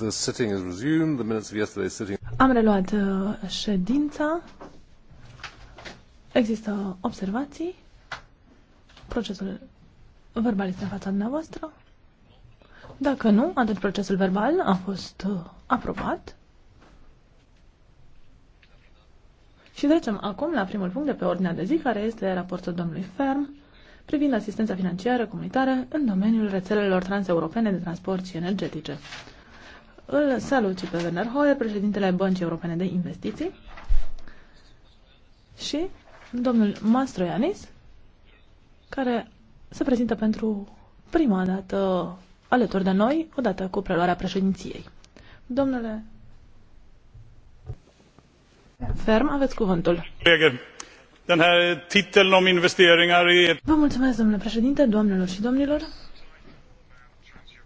The sitting is resumed. The minutes of yesterday's sitting. Am reluat uh, ședința. Există observații. Procesul verbal este în fața dumneavoastră. Dacă nu, atunci procesul verbal a fost uh, aprobat. Și trecem acum la primul punct de pe ordinea de zi, care este raportul domnului Ferm privind asistența financiară comunitară în domeniul rețelelor transeuropene de transport și energetice. Îl salut și pe Werner Hoyer, președintele Băncii Europene de Investiții și domnul Mastroianis, care se prezintă pentru prima dată alături de noi, odată cu preluarea președinției. Domnule Ferm, aveți cuvântul. Vă mulțumesc, domnule președinte, doamnelor și domnilor.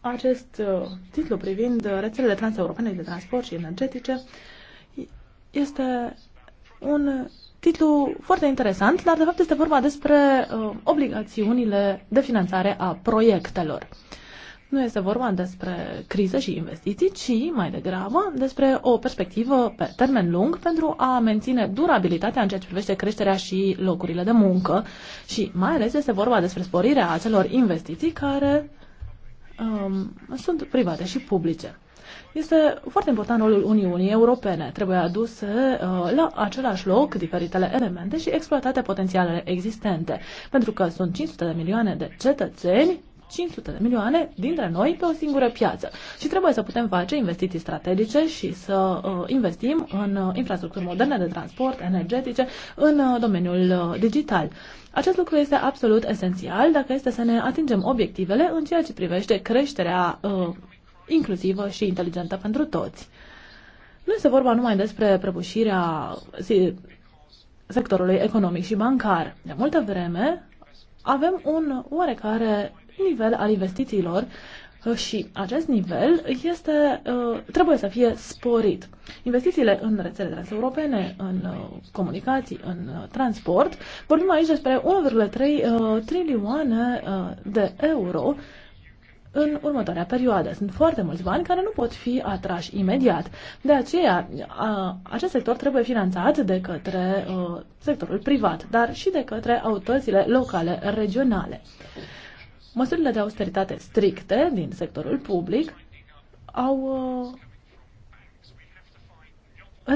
Acest uh, titlu privind uh, rețelele transeuropene de transport și energetice este un titlu foarte interesant, dar de fapt este vorba despre uh, obligațiunile de finanțare a proiectelor. Nu este vorba despre criză și investiții, ci mai degrabă despre o perspectivă pe termen lung pentru a menține durabilitatea în ceea ce privește creșterea și locurile de muncă și mai ales este vorba despre sporirea acelor investiții care um, sunt private și publice. Este foarte important rolul Uniunii Europene. Trebuie aduse uh, la același loc diferitele elemente și exploatate potențialele existente, pentru că sunt 500 de milioane de cetățeni 500 de milioane dintre noi pe o singură piață. Și trebuie să putem face investiții strategice și să uh, investim în uh, infrastructuri moderne de transport, energetice, în uh, domeniul digital. Acest lucru este absolut esențial dacă este să ne atingem obiectivele în ceea ce privește creșterea inclusivă și inteligentă pentru toți. Nu este vorba numai despre prăbușirea sectorului economic și bancar. De multă vreme, avem un oarecare nivel al investițiilor uh, și acest nivel este, uh, trebuie să fie sporit. Investițiile în rețele transeuropene, în uh, comunicații, în transport, vorbim aici despre 1,3 trilioane de euro în următoarea perioadă. Sunt foarte mulți bani care nu pot fi atrași imediat. De aceea, a, acest sector trebuie finanțat de către a, uh, sectorul privat, dar și de către autoritățile locale, regionale. Măsurile de austeritate stricte din sectorul public au uh,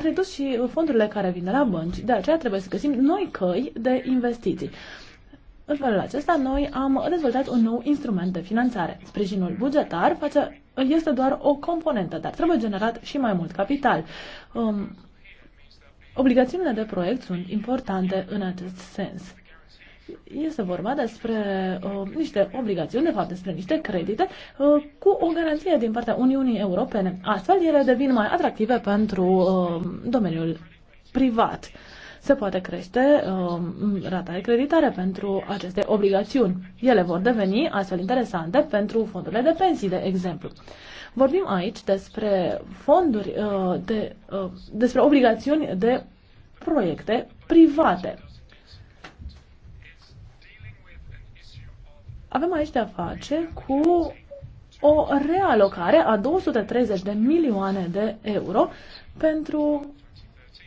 redus și fondurile care vin de la bănci. De aceea trebuie să găsim noi căi de investiții. În felul acesta, noi am dezvoltat un nou instrument de finanțare. Sprijinul bugetar face, este doar o componentă, dar trebuie generat și mai mult capital. Um, obligațiunile de proiect sunt importante în acest sens. Este vorba despre uh, niște obligațiuni, de fapt despre niște credite, uh, cu o garanție din partea Uniunii Europene. Astfel, ele devin mai atractive pentru uh, domeniul privat. Uh, se poate crește uh, rata de creditare pentru aceste obligațiuni. Ele vor deveni astfel interesante pentru fondurile de pensii, de exemplu. Vorbim aici despre fonduri, uh, de, uh, despre obligațiuni de proiecte private. Avem aici de-a face cu o realocare a 230 de milioane de euro pentru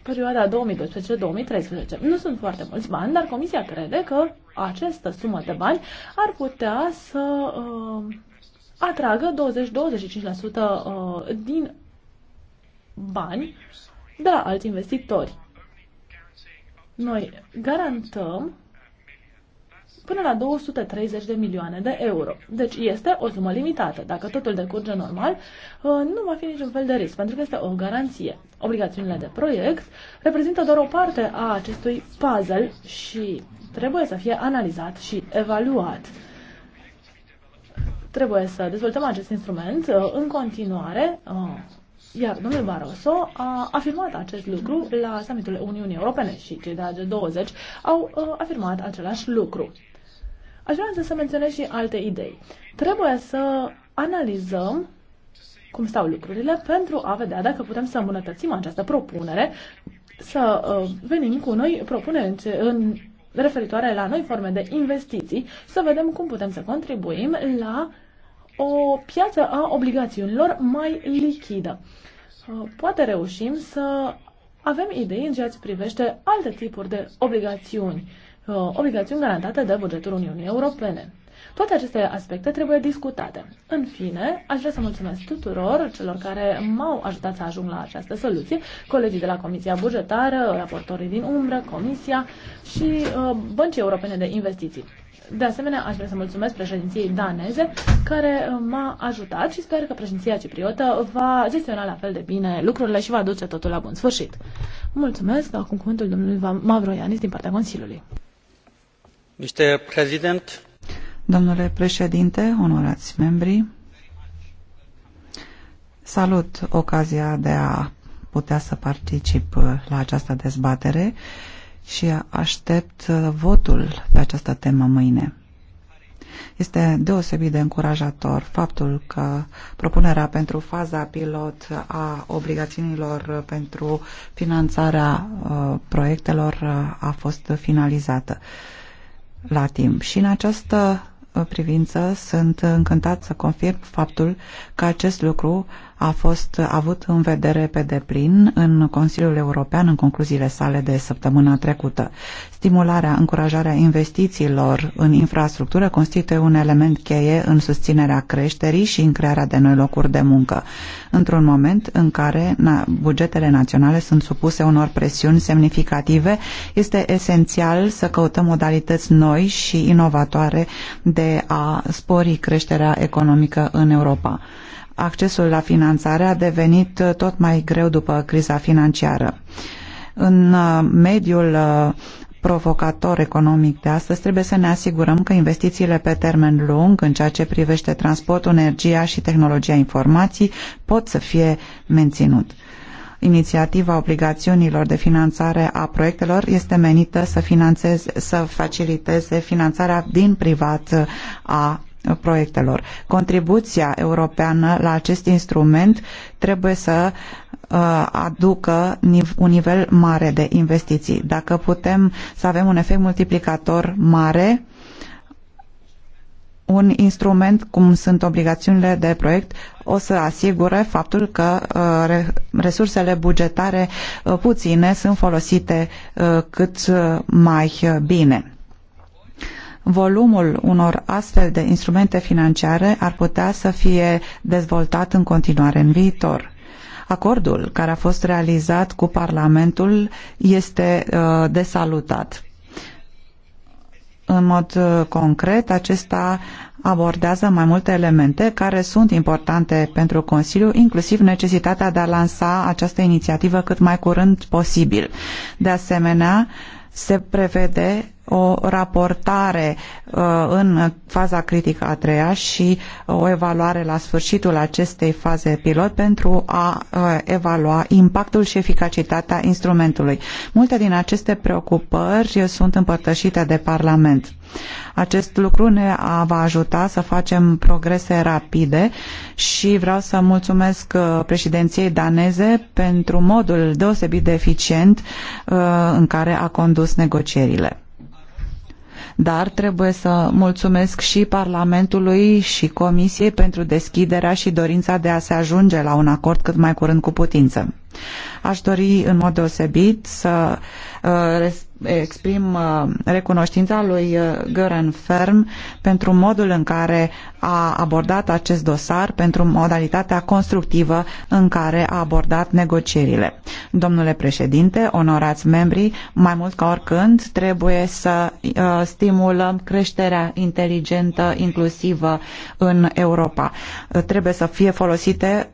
perioada 2012-2013. Nu sunt foarte mulți bani, dar Comisia crede că această sumă de bani ar putea să uh, atragă 20-25% uh, din bani de la alți investitori. Noi garantăm până la 230 de milioane de euro. Deci este o sumă limitată. Dacă totul decurge normal, uh, nu va fi niciun fel de risc, pentru că este o garanție. Obligațiunile de proiect reprezintă doar o parte a acestui puzzle și trebuie să fie analizat și evaluat. Trebuie să dezvoltăm acest instrument uh, în continuare. Uh, iar domnul Barroso a afirmat acest lucru la summitul Uniunii Europene și cei de la G20 au afirmat același lucru. Aș vrea însă să menționez și alte idei. Trebuie să analizăm cum stau lucrurile pentru a vedea dacă putem să îmbunătățim această propunere, să uh, venim cu noi propuneri în, ce, în referitoare la noi forme de investiții, să vedem cum putem să contribuim la o piață a obligațiunilor mai lichidă. Uh, poate reușim să avem idei în ceea ce privește alte tipuri de obligațiuni Uh, obligațiuni garantate de bugetul Uniunii Europene. Toate aceste aspecte trebuie discutate. În fine, aș vrea să mulțumesc tuturor celor care m-au ajutat să ajung la această soluție, colegii de la Comisia Bugetară, raportorii din umbră, Comisia și uh, Băncii Europene de Investiții. De asemenea, aș vrea să mulțumesc președinției daneze care uh, m-a ajutat și sper că președinția cipriotă va gestiona la fel de bine lucrurile și va duce totul la bun sfârșit. Mulțumesc, acum cuvântul domnului Mavroianis din partea Consiliului. Domnule președinte, onorați membri, salut ocazia de a putea să particip la această dezbatere și aștept votul pe această temă mâine. Este deosebit de încurajator faptul că propunerea pentru faza pilot a obligațiunilor pentru finanțarea uh, proiectelor uh, a fost finalizată la timp. Și în această uh, privință sunt încântat să confirm faptul că acest lucru a fost avut în vedere pe deplin în Consiliul European în concluziile sale de săptămâna trecută. Stimularea, încurajarea investițiilor în infrastructură constituie un element cheie în susținerea creșterii și în crearea de noi locuri de muncă, într-un moment în care bugetele naționale sunt supuse unor presiuni semnificative, este esențial să căutăm modalități noi și inovatoare de a spori creșterea economică în Europa accesul la finanțare a devenit uh, tot mai greu după criza financiară. În uh, mediul uh, provocator economic de astăzi, trebuie să ne asigurăm că investițiile pe termen lung în ceea ce privește transportul, energia și tehnologia informații, pot să fie menținut. Inițiativa obligațiunilor de finanțare a proiectelor este menită să, să faciliteze finanțarea din privat a proiectelor. Contribuția europeană la acest instrument trebuie să uh, aducă un nivel mare de investiții. Dacă putem să avem un efect multiplicator mare, un instrument cum sunt obligațiunile de proiect o să asigure faptul că uh, resursele bugetare uh, puține sunt folosite cât mai bine volumul unor astfel de instrumente financiare ar putea să fie dezvoltat în continuare în viitor. Acordul care a fost realizat cu Parlamentul este uh, de salutat. În mod uh, concret, acesta abordează mai multe elemente care sunt importante pentru Consiliu, inclusiv necesitatea de a lansa această inițiativă cât mai curând posibil. De asemenea, se prevede o raportare uh, în faza critică a treia și uh, o evaluare la sfârșitul acestei faze pilot pentru a uh, evalua impactul și eficacitatea instrumentului. Multe din aceste preocupări sunt împărtășite de Parlament. Acest lucru ne va ajuta să facem progrese rapide și vreau să mulțumesc președinției daneze pentru modul deosebit de eficient în care a condus negocierile. Dar trebuie să mulțumesc și Parlamentului și Comisiei pentru deschiderea și dorința de a se ajunge la un acord cât mai curând cu putință. Aș dori în mod deosebit să uh, exprim uh, recunoștința lui uh, Göran Ferm pentru modul în care a abordat acest dosar, pentru modalitatea constructivă în care a abordat negocierile. Domnule președinte, onorați membri, mai mult ca oricând trebuie să stimulăm creșterea inteligentă, inclusivă în Europa. Trebuie să fie folosite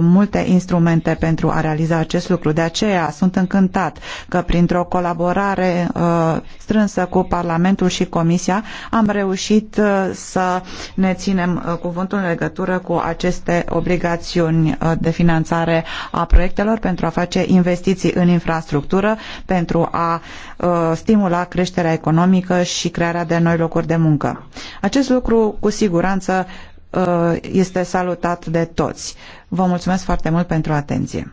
multe instrumente pentru a realiza acest lucru. De aceea sunt încântat că printr-o colaborare uh, strânsă cu Parlamentul și Comisia am reușit uh, să ne ținem uh, cuvântul în legătură cu aceste obligațiuni de finanțare a proiectelor pentru a face investiții în infrastructură, pentru a stimula creșterea economică și crearea de noi locuri de muncă. Acest lucru cu siguranță este salutat de toți. Vă mulțumesc foarte mult pentru atenție.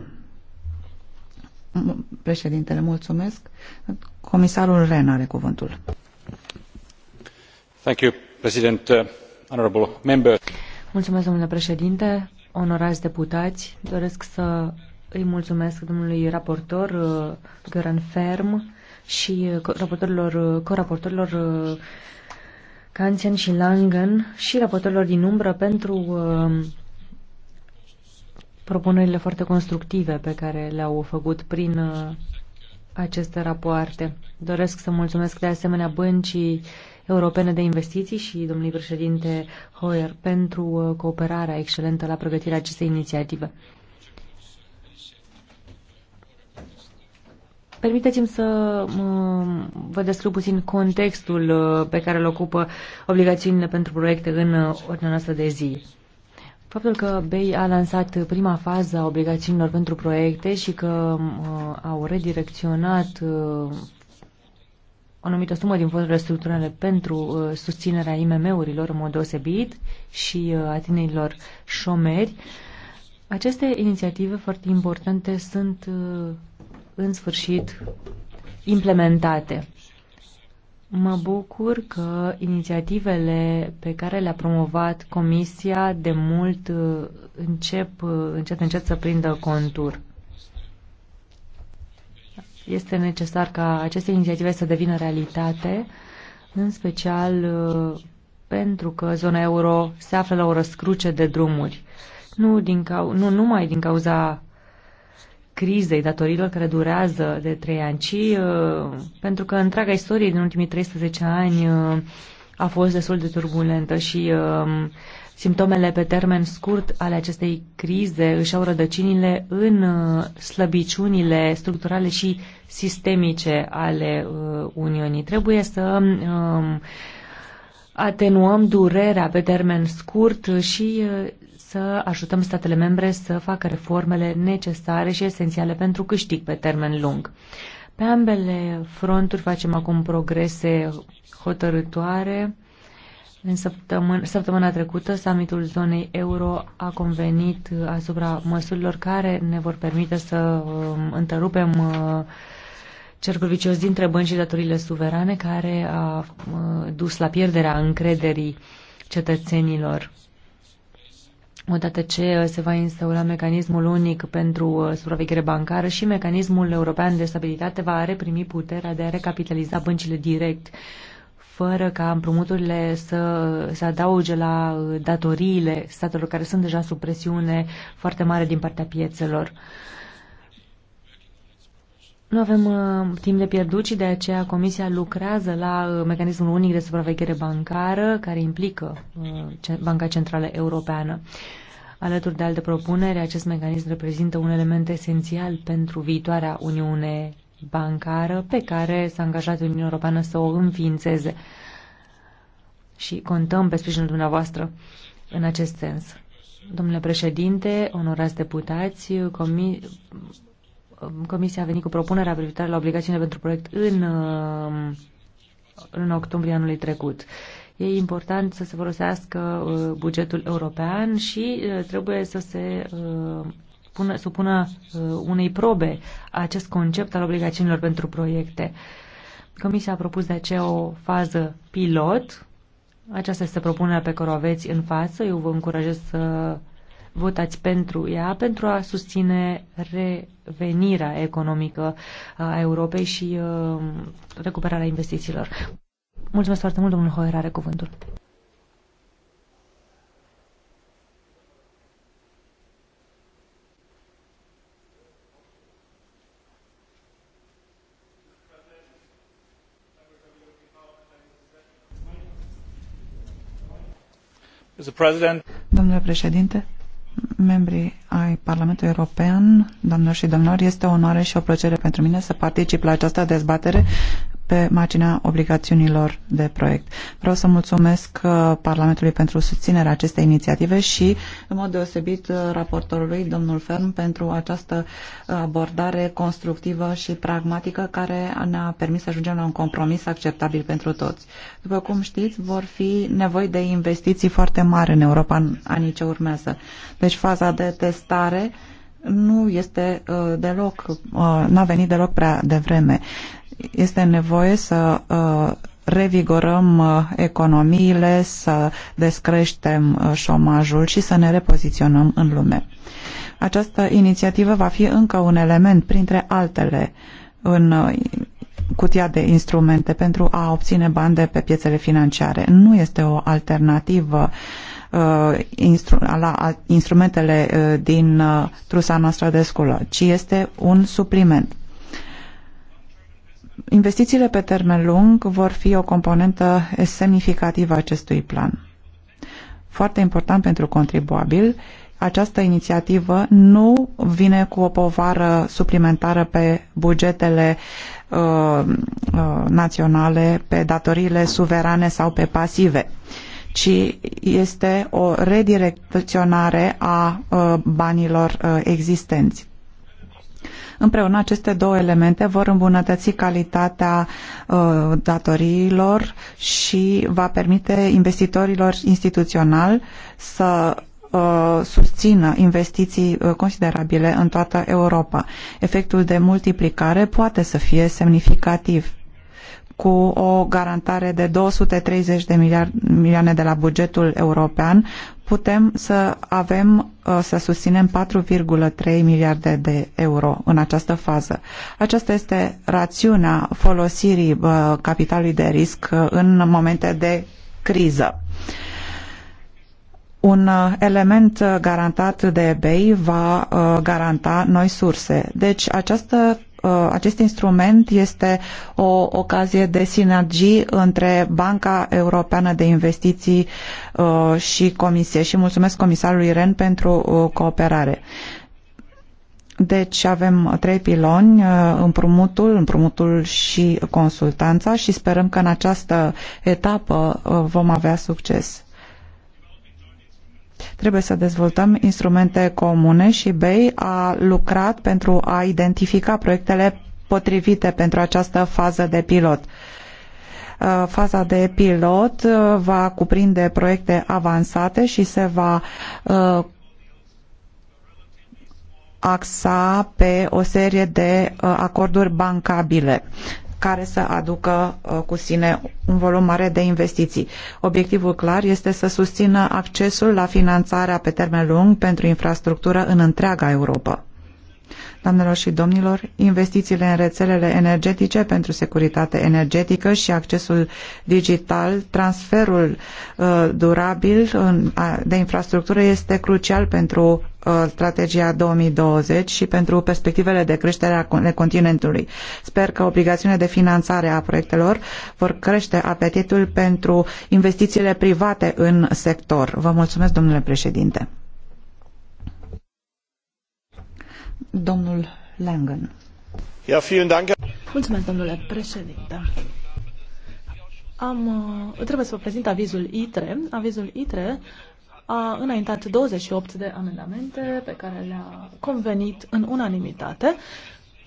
Președintele, mulțumesc. Comisarul Ren are cuvântul. Thank you, President, uh, honorable member. Mulțumesc, domnule președinte, onorați deputați. Doresc să îi mulțumesc domnului raportor uh, Göran Ferm și uh, raportorilor, coraportorilor Canțian și Langen și raportorilor din umbră pentru propunerile foarte constructive pe care le-au făcut prin uh, aceste rapoarte. Doresc să mulțumesc de asemenea băncii europene de investiții și domnului președinte Hoyer pentru uh, cooperarea excelentă la pregătirea acestei inițiative. Permiteți-mi să vă descriu puțin contextul uh, pe care îl ocupă obligațiunile pentru proiecte în ordinea noastră de zi. Faptul că BEI a lansat prima fază a obligațiunilor pentru proiecte și că uh, au redirecționat uh, o anumită sumă din fondurile structurale pentru uh, susținerea IMM-urilor în mod deosebit și uh, a tinerilor șomeri, aceste inițiative foarte importante sunt uh, în sfârșit implementate. Mă bucur că inițiativele pe care le-a promovat Comisia de mult uh, încep uh, încet încet să prindă contur. Este necesar ca aceste inițiative să devină realitate, în special uh, pentru că zona euro se află la o răscruce de drumuri. Nu, din cau- nu numai din cauza crizei datorilor care durează de trei ani, ci uh, pentru că întreaga istorie din ultimii 13 ani uh, a fost destul de turbulentă și uh, simptomele pe termen scurt ale acestei crize își au rădăcinile în slăbiciunile structurale și sistemice ale Uniunii. Trebuie să um, atenuăm durerea pe termen scurt și să ajutăm statele membre să facă reformele necesare și esențiale pentru câștig pe termen lung. Pe ambele fronturi facem acum progrese hotărătoare. În săptămâna, săptămâna trecută, summitul zonei euro a convenit uh, asupra măsurilor care ne vor permite să uh, întrerupem uh, cercul vicios dintre bănci și datorile suverane, care a uh, dus la pierderea încrederii cetățenilor odată ce uh, se va instaura mecanismul unic pentru uh, supraveghere bancară și mecanismul european de stabilitate va reprimi puterea de a recapitaliza băncile direct, fără ca împrumuturile să se adauge la uh, datoriile statelor care sunt deja sub presiune foarte mare din partea piețelor. Nu avem uh, timp de pierdut și de aceea Comisia lucrează la uh, mecanismul unic de supraveghere bancară care implică uh, Banca Centrală Europeană. Uh, Alături de alte propuneri, acest mecanism reprezintă un element esențial pentru viitoarea Uniune bancară pe care s-a angajat Uniunea Europeană să o înființeze. Și contăm pe sprijinul dumneavoastră în acest sens. Domnule președinte, onorați deputați, comi Comisia a venit cu propunerea privitoare la obligațiile pentru proiect în, în octombrie anului trecut. E important să se folosească uh, bugetul european și uh, trebuie să se uh, pună, supună unei probe acest concept al obligațiunilor pentru proiecte. Comisia a propus de aceea o fază pilot. Aceasta este propunerea pe care o aveți în față. Eu vă încurajez să votați pentru ea, pentru a susține revenirea economică a Europei și recuperarea investițiilor. Mulțumesc foarte mult, domnul Hoer, are cuvântul. Domnule președinte, membrii ai Parlamentului European, doamnelor și domnilor, este o onoare și o plăcere pentru mine să particip la această dezbatere pe marginea obligațiunilor de proiect. Vreau să mulțumesc uh, Parlamentului pentru susținerea acestei inițiative și, în mod deosebit, uh, raportorului, domnul Ferm, pentru această uh, abordare constructivă și pragmatică care ne-a permis să ajungem la un compromis acceptabil pentru toți. După cum știți, vor fi nevoi de investiții foarte mari în Europa în anii ce urmează. Deci faza de testare nu este uh, deloc, uh, n-a venit deloc prea devreme. Este nevoie să uh, revigorăm economiile, să descreștem șomajul și să ne repoziționăm în lume. Această inițiativă va fi încă un element, printre altele, în cutia de instrumente pentru a obține bani de pe piețele financiare. Nu este o alternativă uh, Uh, instru la instrumentele uh, din uh, trusa noastră de sculă, ci este un supliment. Investițiile pe termen lung vor fi o componentă semnificativă a acestui plan. Foarte important pentru contribuabil, această inițiativă nu vine cu o povară suplimentară pe bugetele uh, uh, naționale, pe datoriile suverane sau pe pasive. Uh, ci este o redirecționare a uh, banilor uh, existenți. Împreună aceste două elemente vor îmbunătăți calitatea uh, datoriilor și va permite investitorilor instituționali să uh, susțină investiții uh, considerabile în toată Europa. Efectul de multiplicare poate să fie semnificativ cu o garantare de 230 de milioane de la bugetul european, putem să avem, uh, să susținem 4,3 miliarde de euro în această fază. Aceasta este rațiunea folosirii uh, capitalului de risc uh, în momente de criză. Un element garantat de BEI va garanta noi surse. Deci această Uh, acest instrument este o ocazie de sinergii între Banca Europeană de Investiții uh, și Comisie și mulțumesc comisarului Ren pentru uh, cooperare. Deci avem trei piloni, împrumutul, împrumutul și consultanța și sperăm că în această etapă vom avea succes. Trebuie să dezvoltăm instrumente comune și BEI a lucrat pentru a identifica proiectele potrivite pentru această fază de pilot. Uh, faza de pilot uh, va cuprinde proiecte avansate și se va uh, axa pe o serie de acorduri bancabile care să aducă uh, cu sine un volum mare de investiții. Obiectivul clar este să susțină accesul la finanțarea pe termen lung pentru infrastructură în întreaga Europa. Doamnelor și domnilor, investițiile în rețelele energetice pentru securitate energetică și accesul digital, transferul uh, durabil a, de infrastructură este crucial pentru Uh, strategia 2020 și pentru perspectivele de creștere a continentului. Sper că obligațiunea de finanțare a proiectelor vor crește apetitul pentru investițiile private în sector. Vă mulțumesc, domnule președinte. Domnul Langen. Mulțumesc, domnule președinte. Am, uh, trebuie să vă prezint avizul ITRE. Avizul ITRE a înaintat 28 de amendamente pe care le-a convenit în unanimitate.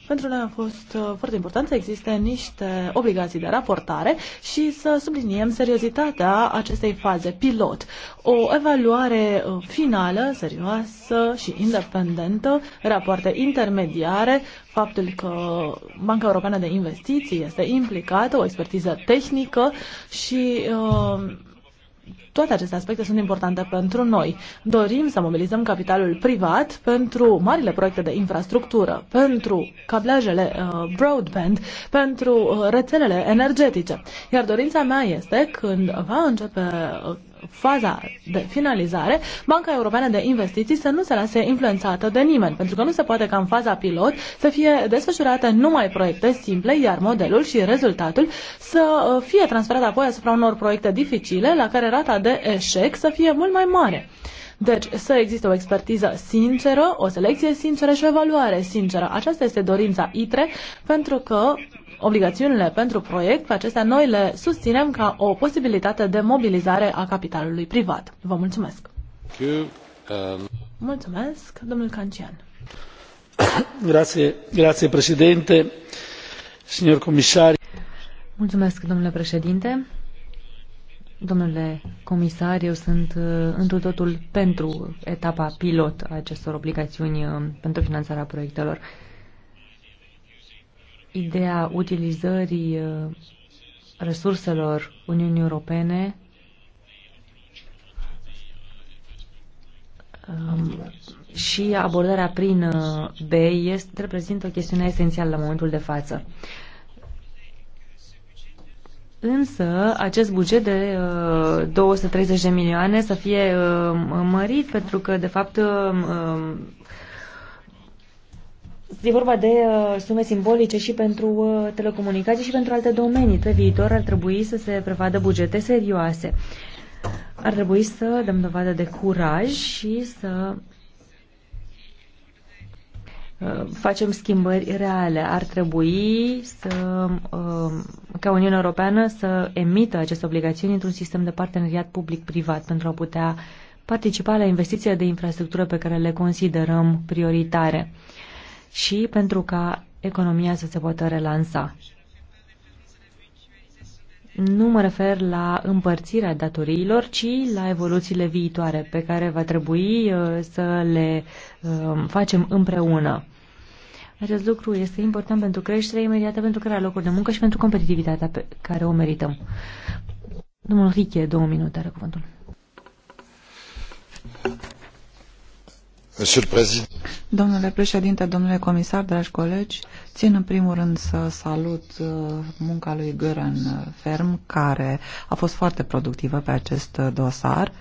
Pentru noi a fost uh, foarte important să existe niște obligații de raportare și să subliniem seriozitatea acestei faze pilot. O evaluare uh, finală, serioasă și independentă, rapoarte intermediare, faptul că Banca Europeană de Investiții este implicată, o expertiză tehnică și uh, toate aceste aspecte sunt importante pentru noi. Dorim să mobilizăm capitalul privat pentru marile proiecte de infrastructură, pentru cablajele uh, broadband, pentru uh, rețelele energetice. Iar dorința mea este când va începe uh, faza de finalizare, Banca Europeană de Investiții să nu se lase influențată de nimeni, pentru că nu se poate ca în faza pilot să fie desfășurate numai proiecte simple, iar modelul și rezultatul să uh, fie transferat apoi asupra unor proiecte dificile, la care rata de eșec să fie mult mai mare. Deci să existe o expertiză sinceră, o selecție sinceră și o evaluare sinceră. Aceasta este dorința ITRE pentru că obligațiunile pentru proiect, pe acestea noi le susținem ca o posibilitate de mobilizare a capitalului privat. Vă mulțumesc! Um, mulțumesc, domnul Cancian. Grazie, grazie președinte, signor comisar. Mulțumesc, domnule președinte. Domnule comisar, eu sunt uh, întru totul pentru etapa pilot a acestor obligațiuni uh, pentru finanțarea proiectelor ideea utilizării uh, resurselor Uniunii Europene um, și abordarea prin uh, BEI este, reprezintă o chestiune esențială la momentul de față. Însă, acest buget de uh, 230 de milioane să fie uh, mărit, pentru că, de fapt, uh, um, E vorba de uh, sume simbolice și pentru uh, telecomunicații și pentru alte domenii. Pe viitor ar trebui să se prevadă bugete serioase. Ar trebui să dăm dovadă de curaj și să uh, facem schimbări reale. Ar trebui să, uh, ca Uniunea Europeană să emită aceste obligațiuni într-un sistem de parteneriat public-privat pentru a putea participa la investițiile de infrastructură pe care le considerăm prioritare și pentru ca economia să se poată relansa. Nu mă refer la împărțirea datoriilor, ci la evoluțiile viitoare pe care va trebui uh, să le um, facem împreună. Acest lucru este important pentru creștere imediată, pentru crearea locuri de muncă și pentru competitivitatea pe care o merităm. Domnul Riche, două minute, are cuvântul. Domnule președinte, domnule comisar, dragi colegi, țin în primul rând să salut uh, munca lui Göran Ferm, care a fost foarte productivă pe acest uh, dosar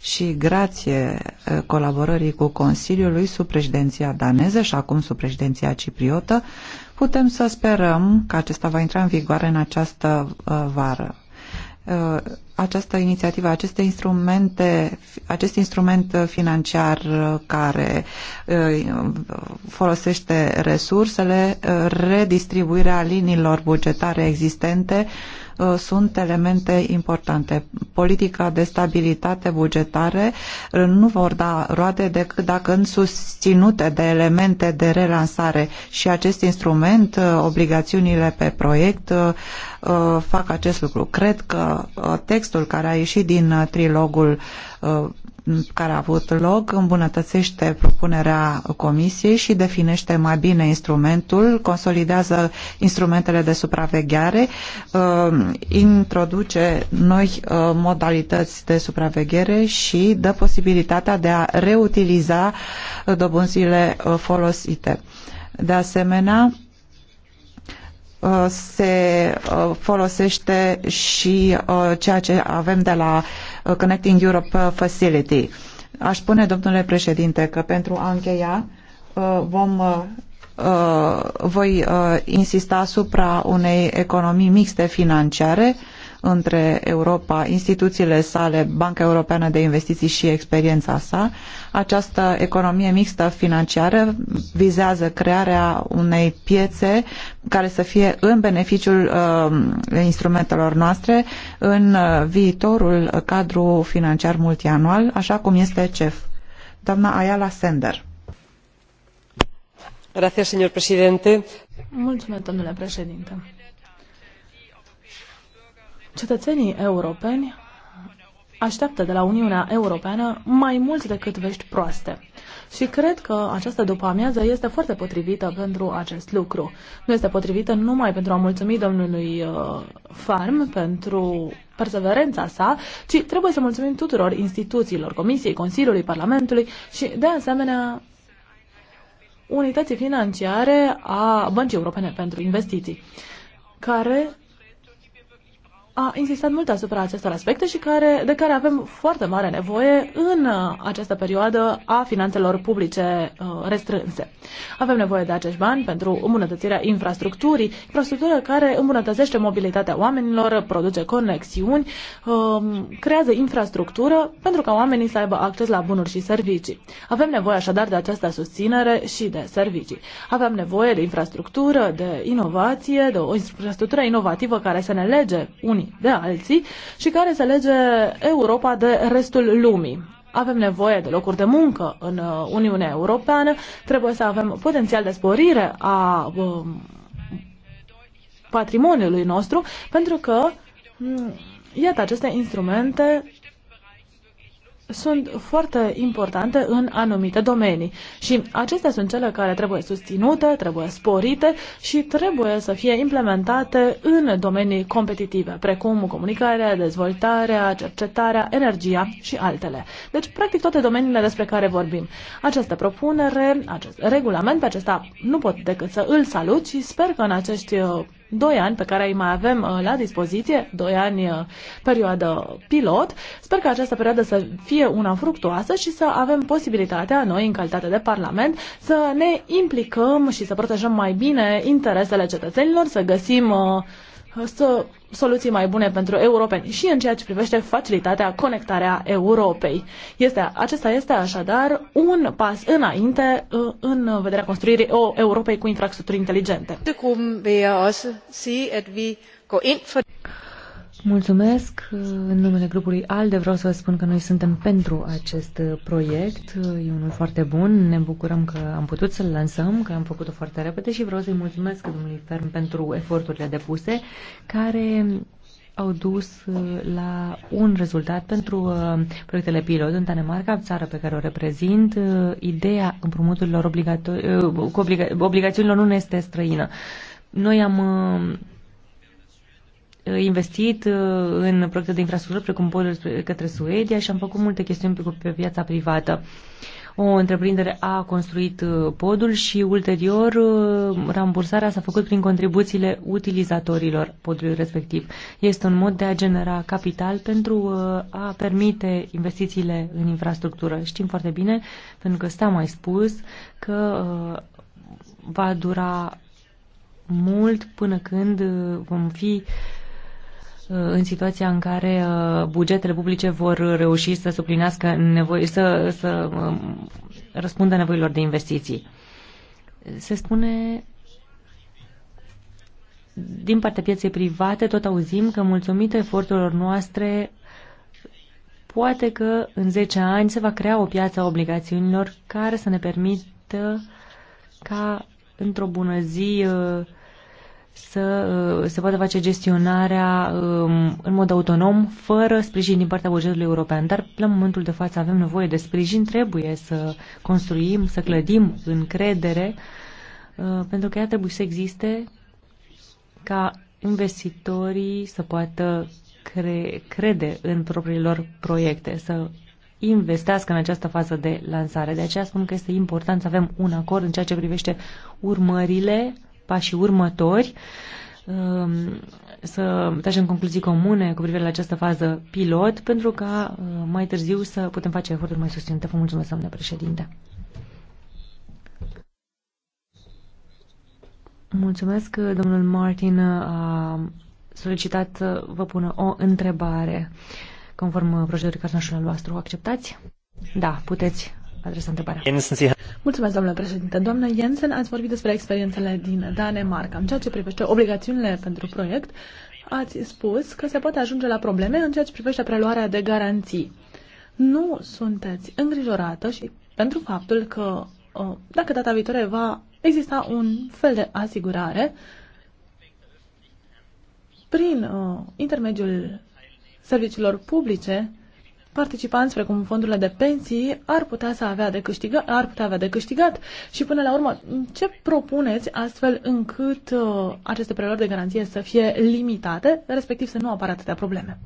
și grație uh, colaborării cu Consiliul lui sub președinția daneză și acum sub președinția cipriotă, putem să sperăm că acesta va intra în vigoare în această vară această inițiativă, aceste instrumente, acest instrument financiar care uh, folosește resursele, uh, redistribuirea liniilor bugetare existente, Uh, sunt elemente importante. Politica de stabilitate bugetare uh, nu vor da roade decât dacă sunt susținute de elemente de relansare și acest instrument, uh, obligațiunile pe proiect, fac acest lucru. Cred că textul care a ieșit din trilogul care a avut loc îmbunătățește propunerea Comisiei și definește mai bine instrumentul, consolidează instrumentele de supraveghere, uh, introduce noi uh, modalități de supraveghere și dă posibilitatea de a reutiliza dobânzile uh, folosite. De asemenea, Uh, se uh, folosește și uh, ceea ce avem de la Connecting Europe Facility. Aș spune, domnule președinte, că pentru a încheia vom voi insista asupra unei economii mixte financiare între Europa, instituțiile sale, Banca Europeană de Investiții și experiența sa. Această economie mixtă financiară vizează crearea unei piețe care să fie în beneficiul uh, instrumentelor noastre în uh, viitorul cadru financiar multianual, așa cum este CEF. Doamna Ayala Sender. Gracias, señor presidente. Mulțumesc, domnule președinte Cetățenii europeni așteaptă de la Uniunea Europeană mai mult decât vești proaste. Și cred că această după-amiază este foarte potrivită pentru acest lucru. Nu este potrivită numai pentru a mulțumi domnului uh, Farm pentru perseverența sa, ci trebuie să mulțumim tuturor instituțiilor, Comisiei, Consiliului, Parlamentului și, de asemenea, unității financiare a Băncii Europene pentru Investiții, care a insistat mult asupra acestor aspecte și care, de care avem foarte mare nevoie în uh, această perioadă a finanțelor publice uh, restrânse. Avem nevoie de acești bani pentru îmbunătățirea infrastructurii, infrastructură care îmbunătățește mobilitatea oamenilor, produce conexiuni, um, creează infrastructură pentru ca oamenii să aibă acces la bunuri și servicii. Avem nevoie așadar de această susținere și de servicii. Avem nevoie de infrastructură, de inovație, de o infrastructură inovativă care să ne lege unii unii de alții și care se lege Europa de restul lumii avem nevoie de locuri de muncă în uh, Uniunea Europeană, trebuie să avem potențial de sporire a um, patrimoniului nostru, pentru că, mm, iată, aceste instrumente sunt foarte importante în anumite domenii și acestea sunt cele care trebuie susținute, trebuie sporite și trebuie să fie implementate în domenii competitive, precum comunicarea, dezvoltarea, cercetarea, energia și altele. Deci, practic, toate domeniile despre care vorbim. Această propunere, acest regulament, acesta nu pot decât să îl salut și sper că în acești uh, doi ani pe care îi mai avem uh, la dispoziție, doi ani uh, perioadă pilot. Sper că această perioadă să fie una fructuoasă și să avem posibilitatea noi, în calitate de Parlament, să ne implicăm și să protejăm mai bine interesele cetățenilor, să găsim uh, să soluții mai bune pentru europeni și în ceea ce privește facilitatea conectarea Europei. Este, acesta este așadar un pas înainte uh, în vederea construirii o Europei cu infrastructuri inteligente. Mulțumesc. Uh, în numele grupului ALDE vreau să vă spun că noi suntem pentru acest uh, proiect. E unul foarte bun. Ne bucurăm că am putut să-l lansăm, că am făcut-o foarte repede și vreau să-i mulțumesc domnului Ferm pentru eforturile depuse, care au dus uh, la un rezultat pentru proiectele pilot în Danemarca, țară pe care o reprezint. Ideea împrumuturilor obligato- cu obliga- obligațiunilor nu ne este străină. Noi am investit uh, în proiecte de infrastructură precum podul către Suedia și am făcut multe chestiuni pe viața privată. O întreprindere a construit uh, podul și ulterior uh, rambursarea s-a făcut prin contribuțiile utilizatorilor podului respectiv. Este un mod de a genera capital pentru a permite investițiile în infrastructură. Știm foarte bine, pentru că s-a mai spus, că va dura mult până când vom fi uh, Uh, în situația în care uh, bugetele publice vor reuși să suplinească nevoi, să, să um, răspundă nevoilor de investiții. Se spune din partea pieței private tot auzim că mulțumită eforturilor noastre poate că în 10 ani se va crea o piață a obligațiunilor care să ne permită ca într-o bună zi uh, să uh, se poată face gestionarea um, în mod autonom, fără sprijin din partea bugetului european. Dar la momentul de față avem nevoie de sprijin, trebuie să construim, să clădim încredere, uh, pentru că ea trebuie să existe ca investitorii să poată cre- crede în propriilor proiecte, să investească în această fază de lansare. De aceea spun că este important să avem un acord în ceea ce privește urmările pașii următori, um, să tragem concluzii comune cu privire la această fază pilot, pentru ca uh, mai târziu să putem face eforturi mai susținute. Vă mulțumesc, doamne președinte. Mulțumesc, domnul Martin uh, a solicitat să uh, vă pună o întrebare conform procedurii cartonașului nostru. O acceptați? Da, puteți adresa întrebarea. Mulțumesc, domnule președinte. Doamnă Jensen, ați vorbit despre experiențele din Danemarca. În ceea ce privește obligațiunile pentru proiect, ați spus că se poate ajunge la probleme în ceea ce privește preluarea de garanții. Nu sunteți îngrijorată și pentru faptul că ă, dacă data viitoare va exista un fel de asigurare prin ă, intermediul serviciilor publice, participanți, precum fondurile de pensii, ar putea, să avea de câștigat, ar putea avea de câștigat și până la urmă ce propuneți astfel încât uh, aceste preluări de garanție să fie limitate, respectiv să nu apară atâtea probleme?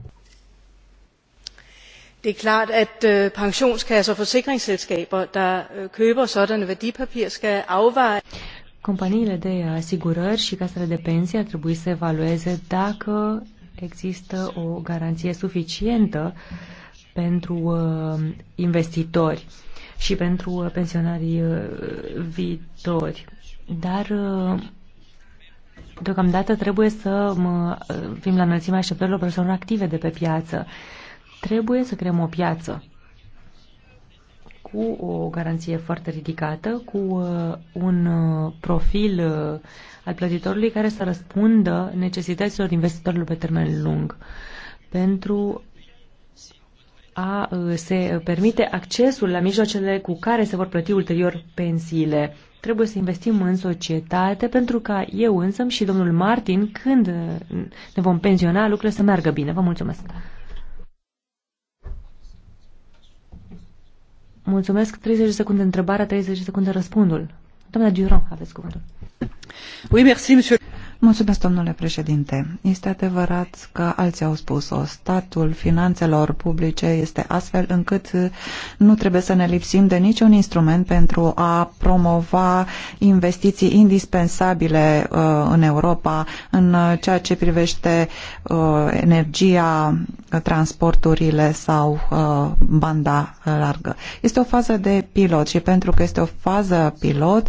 Det er klart, at uh, pensionskasser og forsikringsselskaber, der uh, køber sådanne værdipapirer, skal afveje. Companiile de asigurări și casele de pensie ar trebui să evalueze dacă există o garanție suficientă uh, pentru uh, investitori și pentru uh, pensionarii uh, viitori. Dar deocamdată trebuie să fim la înălțimea așteptărilor persoanelor active de pe piață. Trebuie să creăm o piață cu o garanție foarte ridicată, cu un profil al plătitorului care să răspundă necesităților investitorilor pe termen lung pentru a uh, se permite accesul la mijloacele cu care se vor plăti ulterior pensiile. Trebuie să investim în societate pentru ca eu însă și domnul Martin, când uh, ne vom pensiona, lucrurile să meargă bine. Vă mulțumesc! Mulțumesc. 30 de secunde întrebarea, 30 de secunde răspundul. Domnule Duron, aveți cuvântul. Oui, merci, monsieur. Mulțumesc, domnule președinte. Este adevărat că alții au spus-o. Statul finanțelor publice este astfel încât nu trebuie să ne lipsim de niciun instrument pentru a promova investiții indispensabile uh, în Europa în ceea ce privește uh, energia, transporturile sau uh, banda largă. Este o fază de pilot și pentru că este o fază pilot,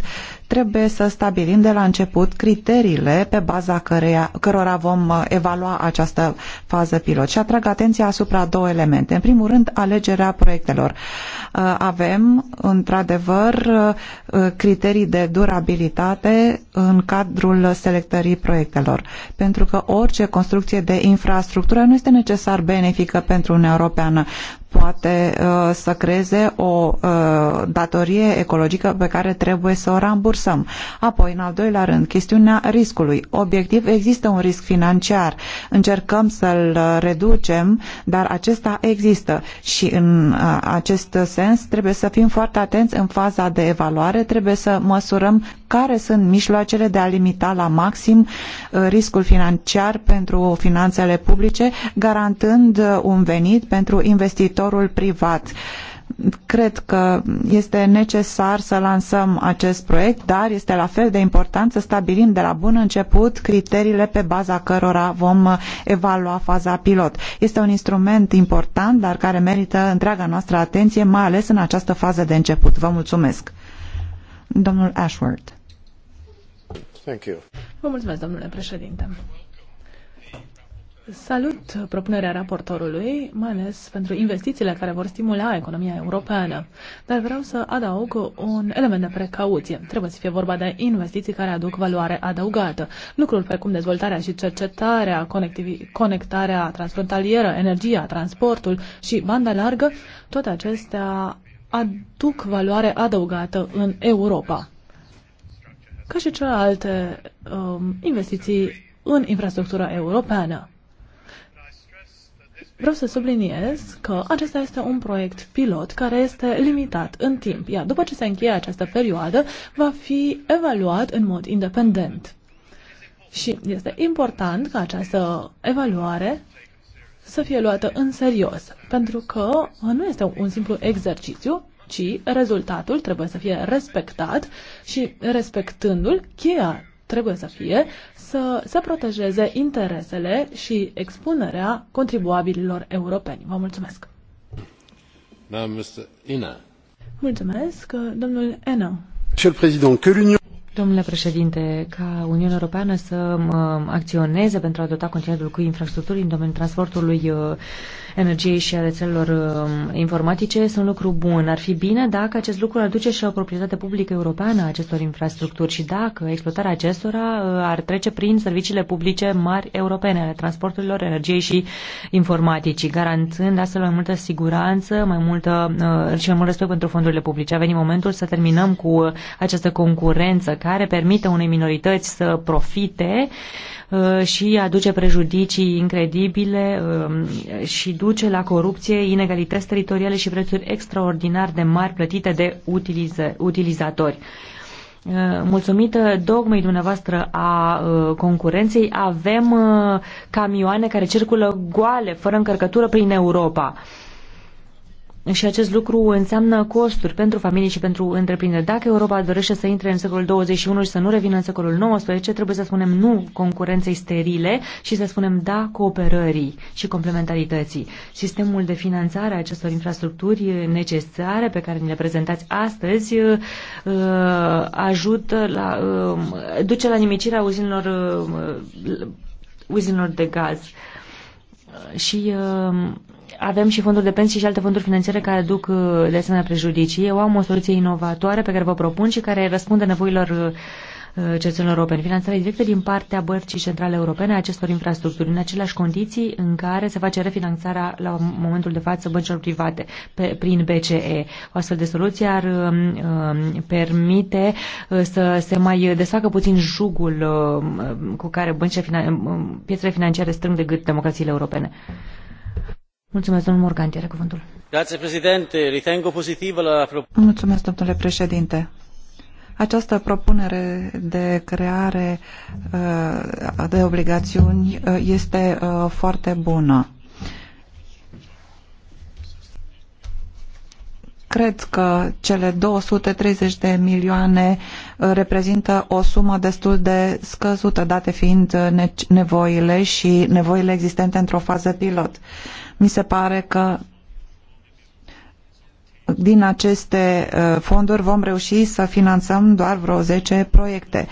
trebuie să stabilim de la început criteriile pe baza căreia, cărora vom uh, evalua această fază pilot. Și atrag atenția asupra două elemente. În primul rând, alegerea proiectelor. Uh, avem, într-adevăr, uh, criterii de durabilitate în cadrul selectării proiectelor. Pentru că orice construcție de infrastructură nu este necesar benefică pentru Uniunea Europeană poate uh, să creeze o uh, datorie ecologică pe care trebuie să o rambursăm. Apoi, în al doilea rând, chestiunea riscului. Obiectiv, există un risc financiar. Încercăm să-l uh, reducem, dar acesta există și în uh, acest sens trebuie să fim foarte atenți în faza de evaluare, trebuie să măsurăm care sunt mijloacele de a limita la maxim uh, riscul financiar pentru finanțele publice, garantând uh, un venit pentru investitori sectorul privat. Cred că este necesar să lansăm acest proiect, dar este la fel de important să stabilim de la bun început criteriile pe baza cărora vom evalua faza pilot. Este un instrument important, dar care merită întreaga noastră atenție, mai ales în această fază de început. Vă mulțumesc. Domnul Ashworth. Thank you. Vă mulțumesc, domnule președinte. Salut propunerea raportorului, mai ales pentru investițiile care vor stimula economia europeană. Dar vreau să adaug un element de precauție. Trebuie să fie vorba de investiții care aduc valoare adăugată. Lucruri precum dezvoltarea și cercetarea, conectarea transfrontalieră, energia, transportul și banda largă, toate acestea aduc valoare adăugată în Europa. Ca și celelalte um, investiții în infrastructura europeană. Vreau să subliniez că acesta este un proiect pilot care este limitat în timp, iar după ce se încheie această perioadă, va fi evaluat în mod independent. Și este important ca această evaluare să fie luată în serios, pentru că nu este un simplu exercițiu, ci rezultatul trebuie să fie respectat și respectându-l, cheia trebuie să fie să se protejeze interesele și expunerea contribuabililor europeni. Vă mulțumesc! Da, Mr. Ina. Mulțumesc, domnul Ena. Domnule președinte, ca Uniunea Europeană să acționeze pentru a dota continentul cu infrastructuri în domeniul transportului energiei și a rețelelor um, informatice este un lucru bun. Ar fi bine dacă acest lucru ar duce și la o proprietate publică europeană a acestor infrastructuri și dacă exploatarea acestora uh, ar trece prin serviciile publice mari europene ale transporturilor, energiei și informaticii, garantând astfel mai multă siguranță, mai multă uh, și mai mult respect pentru fondurile publice. A venit momentul să terminăm cu această concurență care permite unei minorități să profite uh, și aduce prejudicii incredibile um, și duce la corupție, inegalități teritoriale și prețuri extraordinar de mari plătite de utilize, utilizatori. Uh, mulțumită dogmei dumneavoastră a uh, concurenței, avem uh, camioane care circulă goale, fără încărcătură, prin Europa și acest lucru înseamnă costuri pentru familii și pentru întreprinderi. Dacă Europa dorește să intre în secolul 21 și să nu revină în secolul 19, trebuie să spunem nu concurenței sterile și să spunem da cooperării și complementarității. Sistemul de finanțare a acestor infrastructuri necesare pe care ni le prezentați astăzi uh, ajută la, um, duce la nimicirea uzinilor, uh, uzinilor de gaz. Și um, avem și fonduri de pensii și alte fonduri financiare care aduc uh, de asemenea prejudicii. Eu am o soluție inovatoare pe care vă propun și care răspunde nevoilor uh, cetățenilor europeni. Finanțarea directă din partea Bărcii Centrale Europene a acestor infrastructuri, în aceleași condiții în care se face refinanțarea la momentul de față băncilor private pe, prin BCE. O astfel de soluție ar um, um, uh, permite să se mai desfacă puțin jugul uh, cu care băncile, finan- um, piețele financiare strâng de gât democrațiile europene. Mulțumesc, domnul Morgan, are cuvântul. Mulțumesc, domnule președinte. Această propunere de creare uh, de obligațiuni uh, este uh, foarte bună. Cred că cele 230 de milioane reprezintă o sumă destul de scăzută, date fiind nevoile și nevoile existente într-o fază pilot. Mi se pare că din aceste uh, fonduri vom reuși să finanțăm doar vreo 10 proiecte.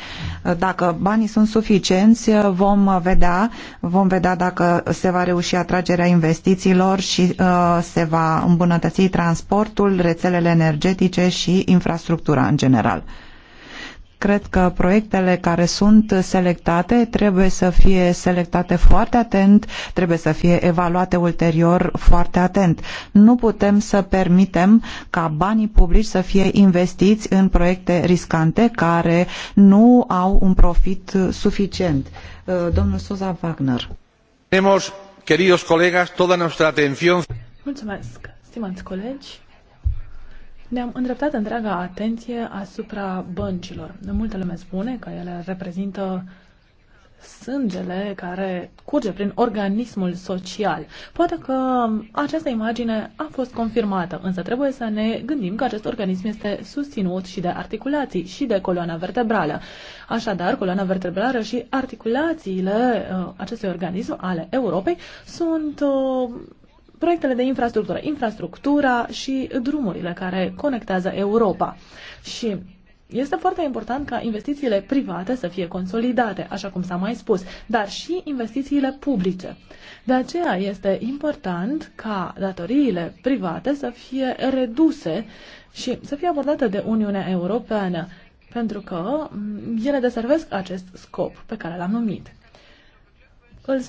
Uh, dacă banii sunt suficienți, uh, vom vedea, vom vedea dacă se va reuși atragerea investițiilor și se va îmbunătăți transportul, rețelele energetice și infrastructura în general. Cred că proiectele care sunt selectate trebuie să fie selectate foarte atent, trebuie să fie evaluate ulterior foarte atent. Nu putem să permitem ca banii publici să fie investiți în proiecte riscante care nu au un profit suficient. Uh, domnul Sosa Wagner. Tenemos, queridos colegas, Mulțumesc, stimați colegi. Ne-am îndreptat întreaga atenție asupra băncilor. Multă lume spune că ele reprezintă sângele care curge prin organismul social. Poate că această imagine a fost confirmată, însă trebuie să ne gândim că acest organism este susținut și de articulații și de coloana vertebrală. Așadar, coloana vertebrală și articulațiile uh, acestui organism ale Europei sunt uh, proiectele de infrastructură, infrastructura și drumurile care conectează Europa. Și este foarte important ca investițiile private să fie consolidate, așa cum s-a mai spus, dar și investițiile publice. De aceea este important ca datoriile private să fie reduse și să fie abordate de Uniunea Europeană, pentru că mm, ele deservesc acest scop pe care l-am numit. Îl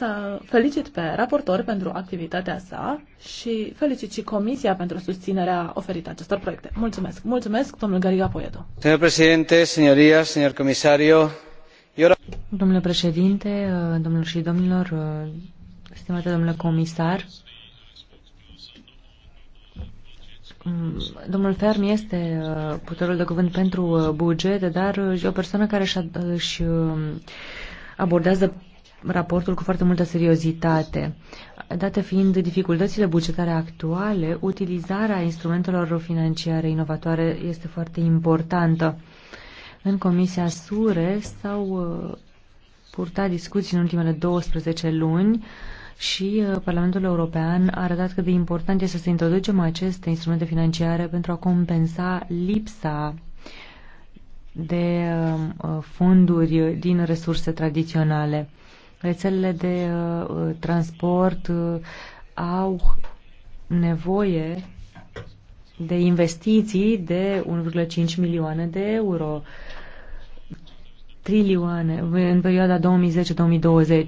felicit pe raportor pentru activitatea sa și felicit și Comisia pentru susținerea oferită acestor proiecte. Mulțumesc. Mulțumesc, domnul Gariga Poedo. Domnule președinte, signoria, signor comisario, Domnule președinte, domnilor și domnilor, stimate domnule comisar, Domnul Ferm este uh, puterul de cuvânt pentru uh, buget, dar uh, o persoană care își abordează raportul cu foarte multă seriozitate. Date fiind dificultățile bugetare actuale, utilizarea instrumentelor financiare inovatoare este foarte importantă. În Comisia SURE s-au uh, purtat discuții în ultimele 12 luni și uh, Parlamentul European a arătat cât de important este să introducem aceste instrumente financiare pentru a compensa lipsa de uh, fonduri din resurse tradiționale. Rețelele de uh, uh, transport uh, au nevoie de investiții de 1,5 milioane de euro trilioane în perioada 2010-2020.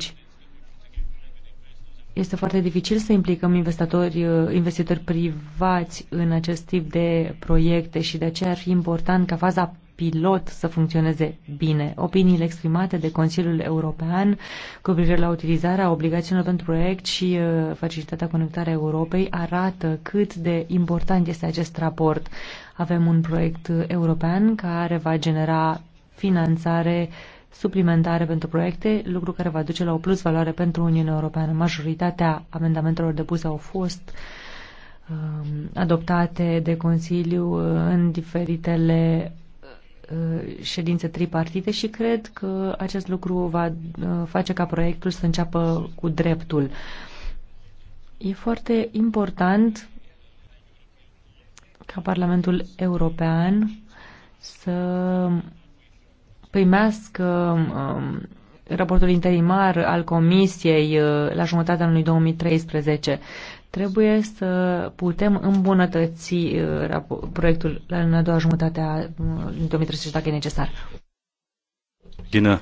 Este foarte dificil să implicăm investitori, uh, investitori privați în acest tip de proiecte și de aceea ar fi important ca faza pilot să funcționeze bine. Opiniile exprimate de Consiliul European cu privire la utilizarea obligațiilor pentru proiect și uh, facilitatea conectarea Europei arată cât de important este acest raport. Avem un proiect uh, european care va genera finanțare suplimentare pentru proiecte, lucru care va duce la o plus valoare pentru Uniunea Europeană. Majoritatea amendamentelor depuse au fost um, adoptate de Consiliu uh, în diferitele Uh, ședințe tripartite și cred că acest lucru va uh, face ca proiectul să înceapă cu dreptul. E foarte important ca Parlamentul European să primească um, raportul interimar al Comisiei uh, la jumătatea anului 2013. Trebuie să putem îmbunătăți uh, proiectul la în a doua jumătate a 2030 uh, dacă e necesar. Gina.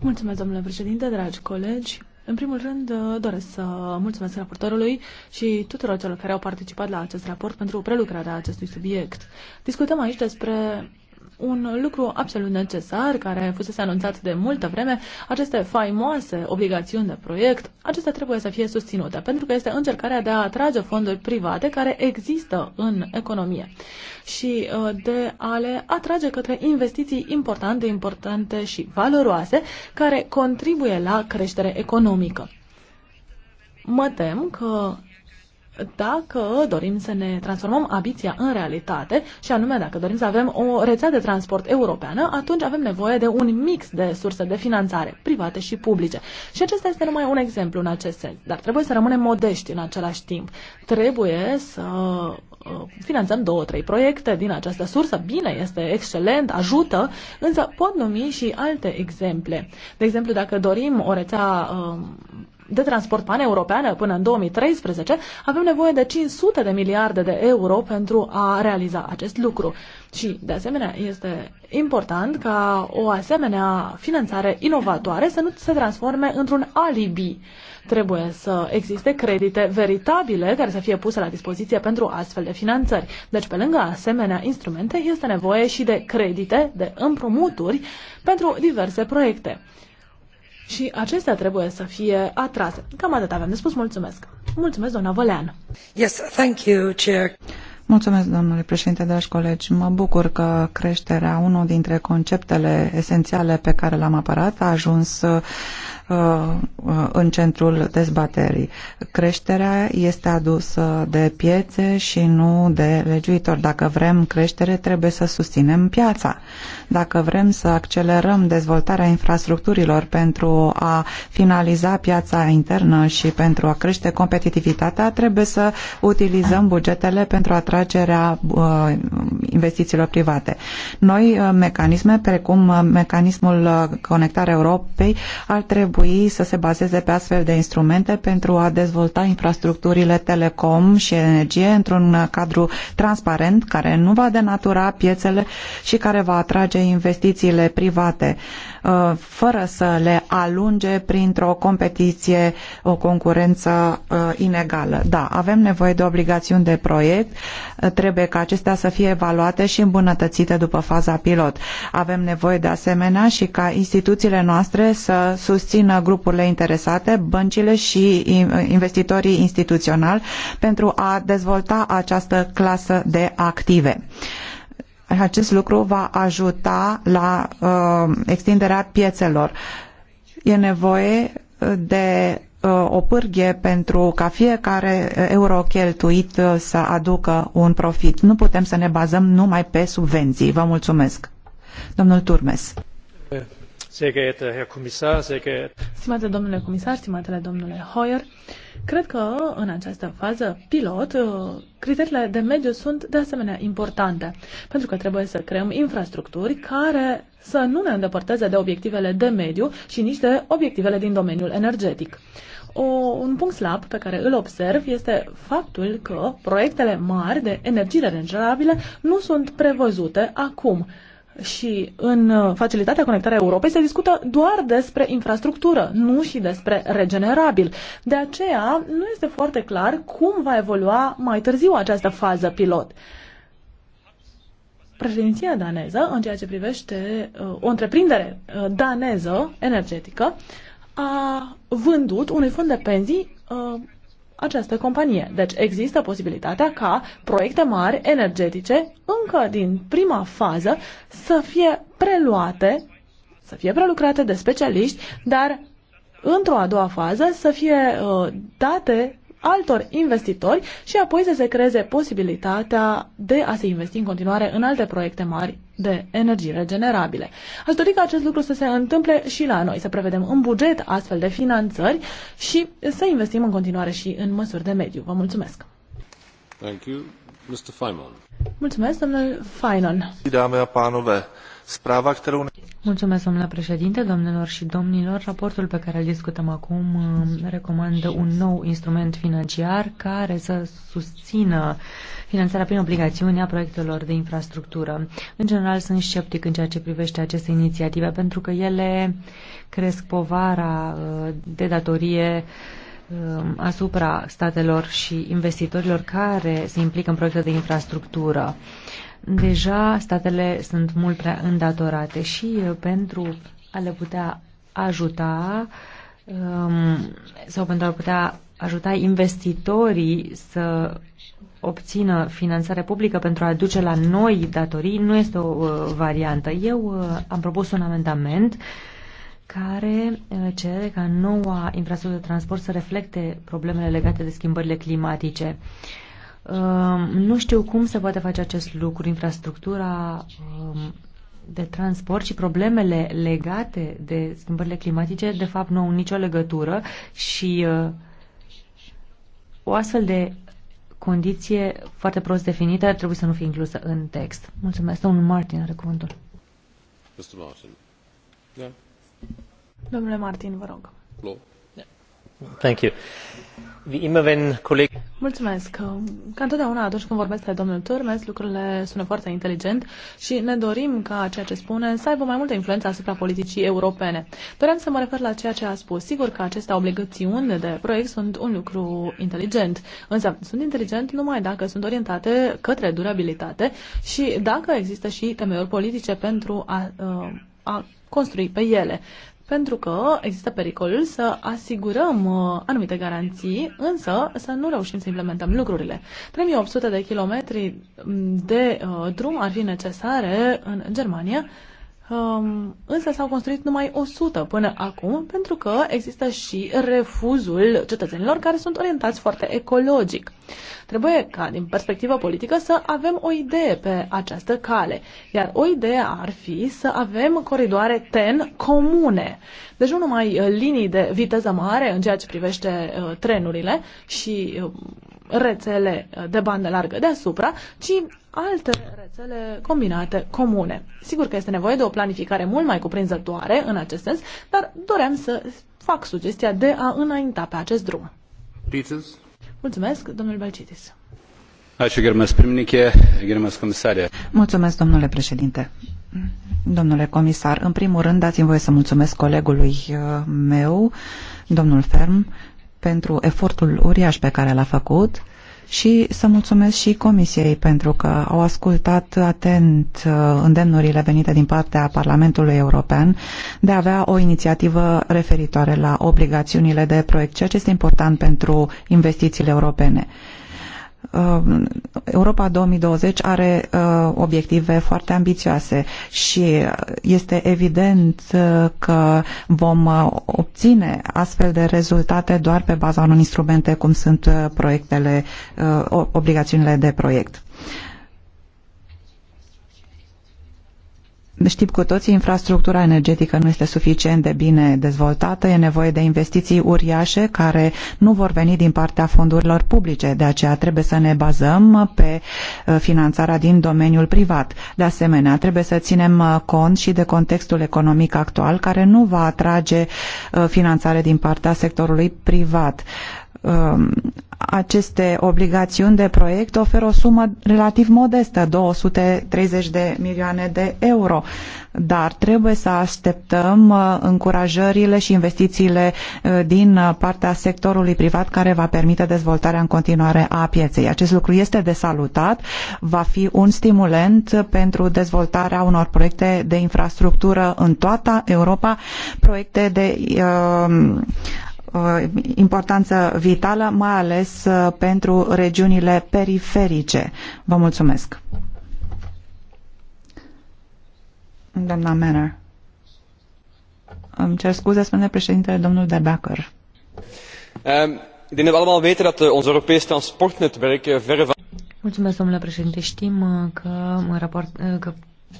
Mulțumesc, domnule președinte, dragi colegi. În primul rând, uh, doresc să mulțumesc raportorului și tuturor celor care au participat la acest raport pentru prelucrarea acestui subiect. Discutăm aici despre un lucru absolut necesar care fusese anunțat de multă vreme, aceste faimoase obligațiuni de proiect, acestea trebuie să fie susținute, pentru că este încercarea de a atrage fonduri private care există în economie și uh, de a le atrage către investiții importante, importante și valoroase care contribuie la creștere economică. Mă tem că dacă dorim să ne transformăm ambiția în realitate, și anume dacă dorim să avem o rețea de transport europeană, atunci avem nevoie de un mix de surse de finanțare, private și publice. Și acesta este numai un exemplu în acest sens. Dar trebuie să rămânem modești în același timp. Trebuie să uh, finanțăm două, trei proiecte din această sursă. Bine, este excelent, ajută, însă pot numi și alte exemple. De exemplu, dacă dorim o rețea uh, de transport paneuropeană până în 2013, avem nevoie de 500 de miliarde de euro pentru a realiza acest lucru. Și, de asemenea, este important ca o asemenea finanțare inovatoare să nu se transforme într-un alibi. Trebuie să existe credite veritabile care să fie puse la dispoziție pentru astfel de finanțări. Deci, pe lângă asemenea instrumente, este nevoie și de credite, de împrumuturi pentru diverse proiecte și acestea trebuie să fie atrase. Cam atât aveam de spus. Mulțumesc. Mulțumesc, doamna Vălean. Yes, thank you, Chair. Mulțumesc, domnule președinte, dragi colegi. Mă bucur că creșterea, unul dintre conceptele esențiale pe care l-am apărat, a ajuns Uh, uh, în centrul dezbaterii. Creșterea este adusă de piețe și nu de legiuitori. Dacă vrem creștere, trebuie să susținem piața. Dacă vrem să accelerăm dezvoltarea infrastructurilor pentru a finaliza piața internă și pentru a crește competitivitatea, trebuie să utilizăm bugetele pentru atragerea uh, investițiilor private. Noi, mecanisme precum mecanismul Conectarea Europei ar trebui trebui să se bazeze pe astfel de instrumente pentru a dezvolta infrastructurile telecom și energie într-un cadru transparent care nu va denatura piețele și care va atrage investițiile private. Uh, Uh, fără să le alunge printr-o competiție, o concurență uh, inegală. Da, avem nevoie de obligațiuni de proiect, uh, trebuie ca acestea să fie evaluate și îmbunătățite după faza pilot. Avem nevoie de asemenea și ca instituțiile noastre să susțină grupurile interesate, băncile și investitorii instituționali pentru a dezvolta această clasă de active. Acest lucru va ajuta la uh, extinderea piețelor. E nevoie de uh, o pârghie pentru ca fiecare euro cheltuit uh, să aducă un profit. Nu putem să ne bazăm numai pe subvenții. Vă mulțumesc. Domnul Turmes. Stimate domnule comisar, stimatele domnule Hoyer, cred că în această fază pilot uh, criteriile de mediu sunt de asemenea importante, pentru că trebuie să creăm infrastructuri care să nu ne îndepărteze de obiectivele de mediu și nici de obiectivele din domeniul energetic. O, un punct slab pe care îl observ este faptul că proiectele mari de energie regenerabile nu sunt prevăzute acum și în uh, facilitatea conectarea Europei se discută doar despre infrastructură, nu și despre regenerabil. De aceea nu este foarte clar cum va evolua mai târziu această fază pilot. Președinția daneză, în ceea ce privește uh, o întreprindere uh, daneză energetică, a vândut unui fond de pensii această companie. Deci există posibilitatea ca proiecte mari energetice încă din prima fază să fie preluate, să fie prelucrate de specialiști, dar într-o a doua fază să fie uh, date altor investitori și apoi să se creeze posibilitatea de a se investi în continuare în alte proiecte mari de energii regenerabile. Aș dori ca acest lucru să se întâmple și la noi, să prevedem în buget astfel de finanțări și să investim în continuare și în măsuri de mediu. Vă mulțumesc! Thank you. Mr. Feynman. Mulțumesc, domnul Feynman. Dámy Sprava, kterou... Mulțumesc, domnule președinte, domnilor și domnilor. Raportul pe care îl discutăm acum uh, recomandă un nou instrument financiar care să susțină finanțarea prin obligațiuni a proiectelor de infrastructură. În general, sunt sceptic în ceea ce privește aceste inițiative, pentru că ele cresc povara uh, de datorie uh, asupra statelor și investitorilor care se implică în proiecte de infrastructură. Deja statele sunt mult prea îndatorate și uh, pentru a le putea ajuta um, sau pentru a putea ajuta investitorii să obțină finanțare publică pentru a duce la noi datorii nu este o uh, variantă. Eu uh, am propus un amendament care cere ca noua infrastructură de transport să reflecte problemele legate de schimbările climatice. Uh, Um, nu știu cum se poate face acest lucru. Infrastructura um, de transport și problemele legate de schimbările climatice, de fapt, nu au nicio legătură și uh, o astfel de condiție foarte prost definită ar trebui să nu fie inclusă în text. Mulțumesc. Domnul Martin are cuvântul. Mr. Martin. Yeah. Da. Domnule Martin, vă rog. Da. Thank you. Mulțumesc. Ca întotdeauna atunci când vorbesc de domnul Turmes, lucrurile sună foarte inteligent și ne dorim ca ceea ce spune să aibă mai multă influență asupra politicii europene. Doream să mă refer la ceea ce a spus. Sigur că aceste obligațiuni de proiect sunt un lucru inteligent, însă sunt inteligent numai dacă sunt orientate către durabilitate și dacă există și temeiuri politice pentru a, a construi pe ele pentru că există pericolul să asigurăm uh, anumite garanții, însă să nu reușim să implementăm lucrurile. 3800 de kilometri mm, de uh, drum ar fi necesare în Germania Um, însă s-au construit numai 100 până acum, pentru că există și refuzul cetățenilor care sunt orientați foarte ecologic. Trebuie ca, din perspectivă politică, să avem o idee pe această cale. Iar o idee ar fi să avem coridoare TEN comune. Deci nu numai linii de viteză mare în ceea ce privește uh, trenurile și uh, rețele de bandă largă deasupra, ci alte rețele combinate comune. Sigur că este nevoie de o planificare mult mai cuprinzătoare în acest sens, dar doream să fac sugestia de a înainta pe acest drum. Pizzas. Mulțumesc, domnul Balcitis. Ačiū, gerbiamas pirmininkė, gerbiamas comisarie. Mulțumesc, domnule președinte. Domnule comisar, în primul rând dați-mi voie să mulțumesc colegului uh, meu, domnul Ferm, pentru efortul uriaș pe care l-a făcut și să mulțumesc și Comisiei pentru că au ascultat atent uh, îndemnurile venite din partea Parlamentului European de a avea o inițiativă referitoare la obligațiunile de proiect, ceea ce este important pentru investițiile europene. Uh, Europa 2020 are uh, obiective foarte ambițioase și este evident uh, că vom obține astfel de rezultate doar pe baza unor instrumente cum sunt proiectele, obligațiunile de proiect. Știm cu toții, infrastructura energetică nu este suficient de bine dezvoltată, e nevoie de investiții uriașe care nu vor veni din partea fondurilor publice, de aceea trebuie să ne bazăm pe uh, finanțarea din domeniul privat. De asemenea, trebuie să ținem uh, cont și de contextul economic actual care nu va atrage uh, finanțare din partea sectorului privat Um, aceste obligațiuni de proiect oferă o sumă relativ modestă, 230 de milioane de euro, dar trebuie să așteptăm uh, încurajările și investițiile uh, din uh, partea sectorului privat care va permite dezvoltarea în continuare a pieței. Acest lucru este de salutat, va fi un stimulent pentru dezvoltarea unor proiecte de infrastructură în toată Europa, proiecte de uh, Uh, importanță vitală, mai ales uh, pentru regiunile periferice. Vă mulțumesc. Doamna Manner. Îmi cer scuze, spune președintele domnul De Becker. Um, ik denk dat dat eh, transportnetwerk eh, verre van... Mulțumesc, domnule președinte. Știm eh, că, raport, că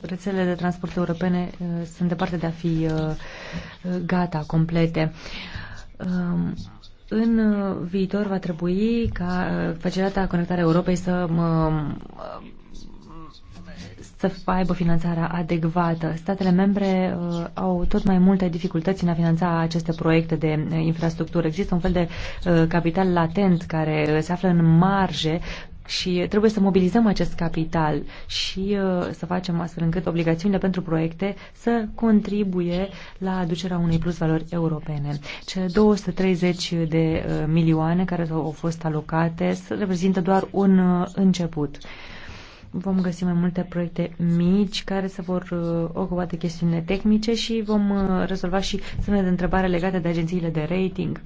rețelele de transport europene sunt departe de a fi gata, complete. Um, în viitor va trebui ca uh, facilitatea Conectarea Europei să uh, să aibă finanțarea adecvată. Statele membre uh, au tot mai multe dificultăți în a finanța aceste proiecte de infrastructură. Există un fel de capital latent care se află în marge și uh, trebuie să mobilizăm acest capital și uh, să facem astfel încât obligațiunile pentru proiecte să contribuie la aducerea unei plus valori europene. Cele 230 de uh, milioane care au fost alocate reprezintă doar un început vom găsi mai multe proiecte mici care se vor uh, ocupa de chestiune tehnice și vom uh, rezolva și semne de întrebare legate de agențiile de rating.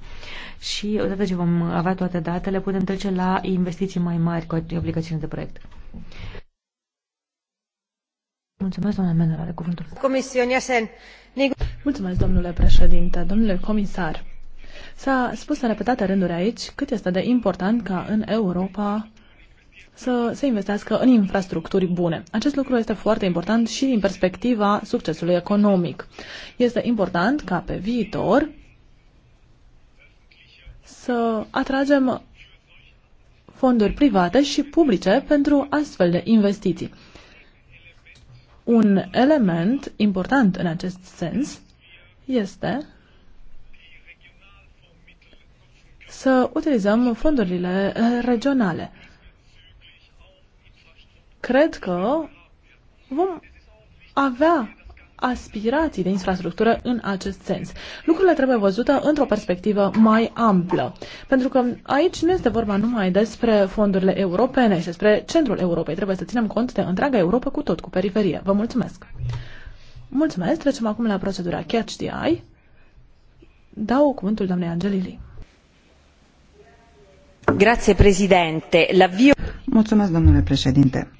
Și odată ce vom avea toate datele, putem trece la investiții mai mari cu obligațiile de proiect. Mulțumesc, doamna Menor, are cuvântul. Mulțumesc, domnule președinte, domnule comisar. S-a spus în repetate rânduri aici cât este de important ca în Europa să se investească în infrastructuri bune. Acest lucru este foarte important și din perspectiva succesului economic. Este important ca pe viitor să atragem fonduri private și publice pentru astfel de investiții. Un element important în acest sens este să utilizăm fondurile regionale cred că vom avea aspirații de infrastructură în acest sens. Lucrurile trebuie văzute într-o perspectivă mai amplă, pentru că aici nu este vorba numai despre fondurile europene și despre centrul Europei. Trebuie să ținem cont de întreaga Europa cu tot, cu periferie. Vă mulțumesc! Mulțumesc! Trecem acum la procedura Catch the Eye. Dau cuvântul doamnei Angelili. Grazie, președinte. Mulțumesc, domnule președinte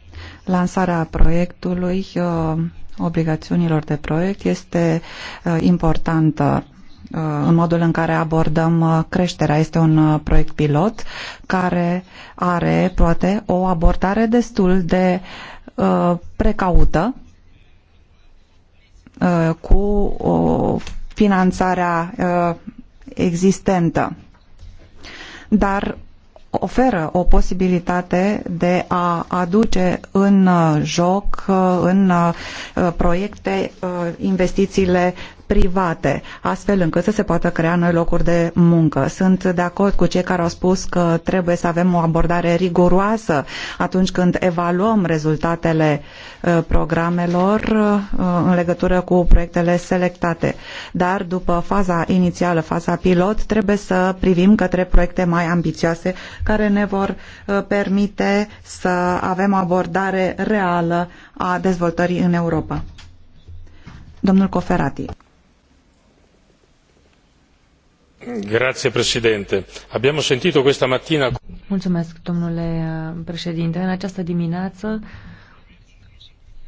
Lansarea proiectului, uh, obligațiunilor de proiect, este uh, importantă uh, în modul în care abordăm creșterea. Este un proiect pilot care are, poate, o abordare destul de precaută cu o finanțarea existentă. Dar oferă o posibilitate de a aduce în uh, joc, uh, în uh, proiecte, investițiile private, astfel încât să se poată crea noi locuri de muncă. Sunt de acord cu cei care au spus că trebuie să avem o abordare riguroasă atunci când evaluăm rezultatele uh, programelor uh, în legătură cu proiectele selectate. Dar după faza inițială, faza pilot, trebuie să privim către proiecte mai ambițioase care ne vor uh, permite să avem o abordare reală a dezvoltării în Europa. Domnul Coferati. Abbiamo sentito questa mattina... Mulțumesc, domnule uh, președinte. În această dimineață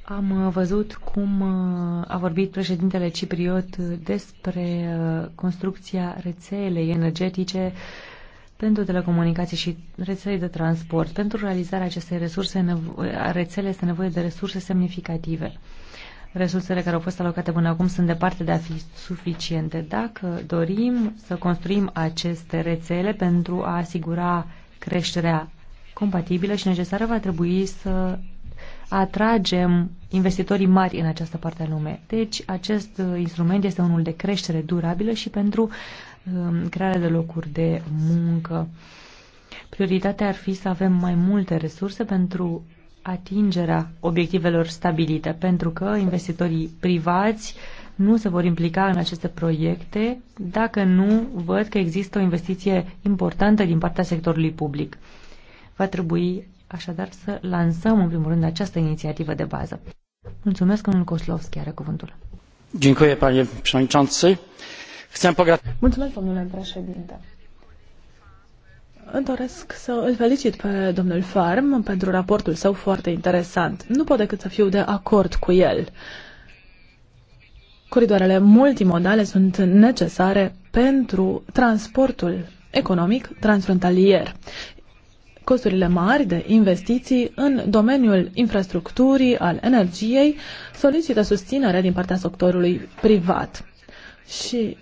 am uh, văzut cum uh, a vorbit președintele Cipriot despre construcția rețelei energetice pentru telecomunicații și rețele de transport. Pentru realizarea acestei resurse, rețele este nevoie de resurse semnificative resursele care au fost alocate până acum sunt departe de a fi suficiente. Dacă dorim să construim aceste rețele pentru a asigura creșterea compatibilă și necesară, va trebui să atragem investitorii mari în această parte a lume. Deci, acest uh, instrument este unul de creștere durabilă și pentru um, crearea de locuri de muncă. Prioritatea ar fi să avem mai multe resurse pentru atingerea obiectivelor stabilite, pentru că investitorii privați nu se vor implica în aceste proiecte dacă nu văd că există o investiție importantă din partea sectorului public. Va trebui așadar să lansăm în primul rând această inițiativă de bază. Mulțumesc, domnul Koslovski are cuvântul. Dziękuję, panie przewodniczący. Chcę pogratulować. Mulțumesc, domnule președinte. Îmi doresc să îl felicit pe domnul Farm pentru raportul său foarte interesant. Nu pot decât să fiu de acord cu el. Coridoarele multimodale sunt necesare pentru transportul economic transfrontalier. Costurile mari de investiții în domeniul infrastructurii, al energiei, solicită susținere din partea sectorului privat. Și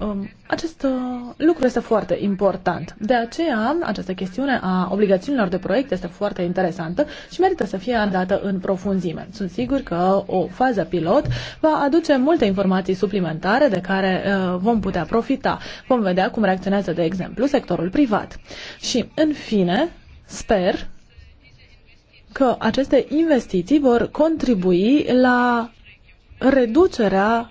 Um, acest uh, lucru este foarte important. De aceea, această chestiune a obligațiunilor de proiect este foarte interesantă și merită să fie andată în profunzime. Sunt sigur că o fază pilot va aduce multe informații suplimentare de care uh, vom putea profita. Vom vedea cum reacționează, de exemplu, sectorul privat. Și, în fine, sper că aceste investiții vor contribui la reducerea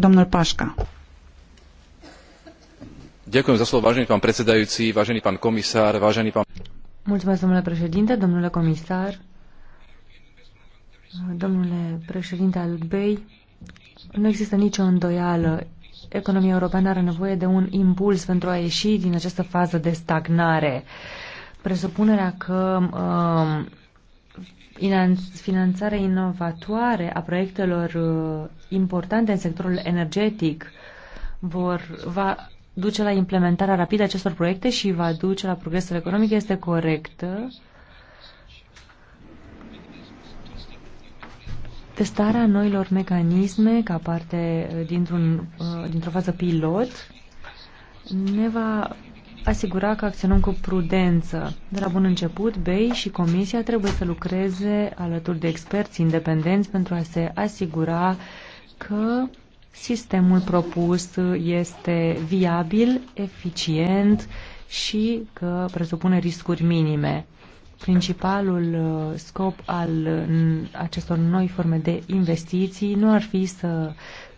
domnul Pașca. Ďakujem za slovo, vážený pán predsedajúci, vážený pán komisár, vážený pán... Mulțumesc, domnule președinte, domnule comisar, domnule președinte al BEI. Nu există nicio îndoială. Economia europeană are nevoie de un impuls pentru a ieși din această fază de stagnare. Presupunerea că um, finanțare inovatoare a proiectelor uh, importante în sectorul energetic vor, va duce la implementarea rapidă acestor proiecte și va duce la progresul economic este corectă. Testarea noilor mecanisme ca parte uh, dintr-un, uh, dintr-o fază pilot ne va asigura că acționăm cu prudență. De la bun început, BEI și Comisia trebuie să lucreze alături de experți independenți pentru a se asigura că sistemul propus este viabil, eficient și că presupune riscuri minime. Principalul uh, scop al acestor noi forme de investiții nu ar fi să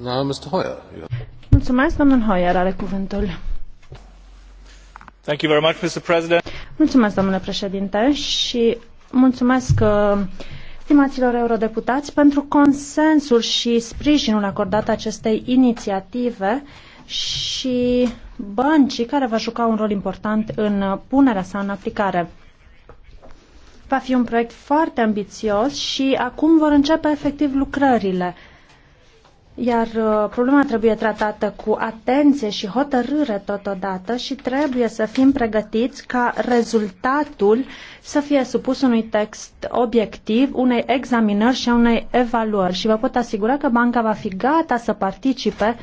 Mulțumesc, Thank you very much, Mr. President. Mulțumesc, domnule președinte, și mulțumesc uh, stimaților eurodeputați pentru consensul și sprijinul acordat acestei inițiative și băncii care va juca un rol important în uh, punerea sa în aplicare. Va fi un proiect foarte ambițios și acum vor începe efectiv lucrările iar uh, problema trebuie tratată cu atenție și hotărâre totodată și trebuie să fim pregătiți ca rezultatul să fie supus unui text obiectiv, unei examinări și a unei evaluări. Și vă pot asigura că banca va fi gata să participe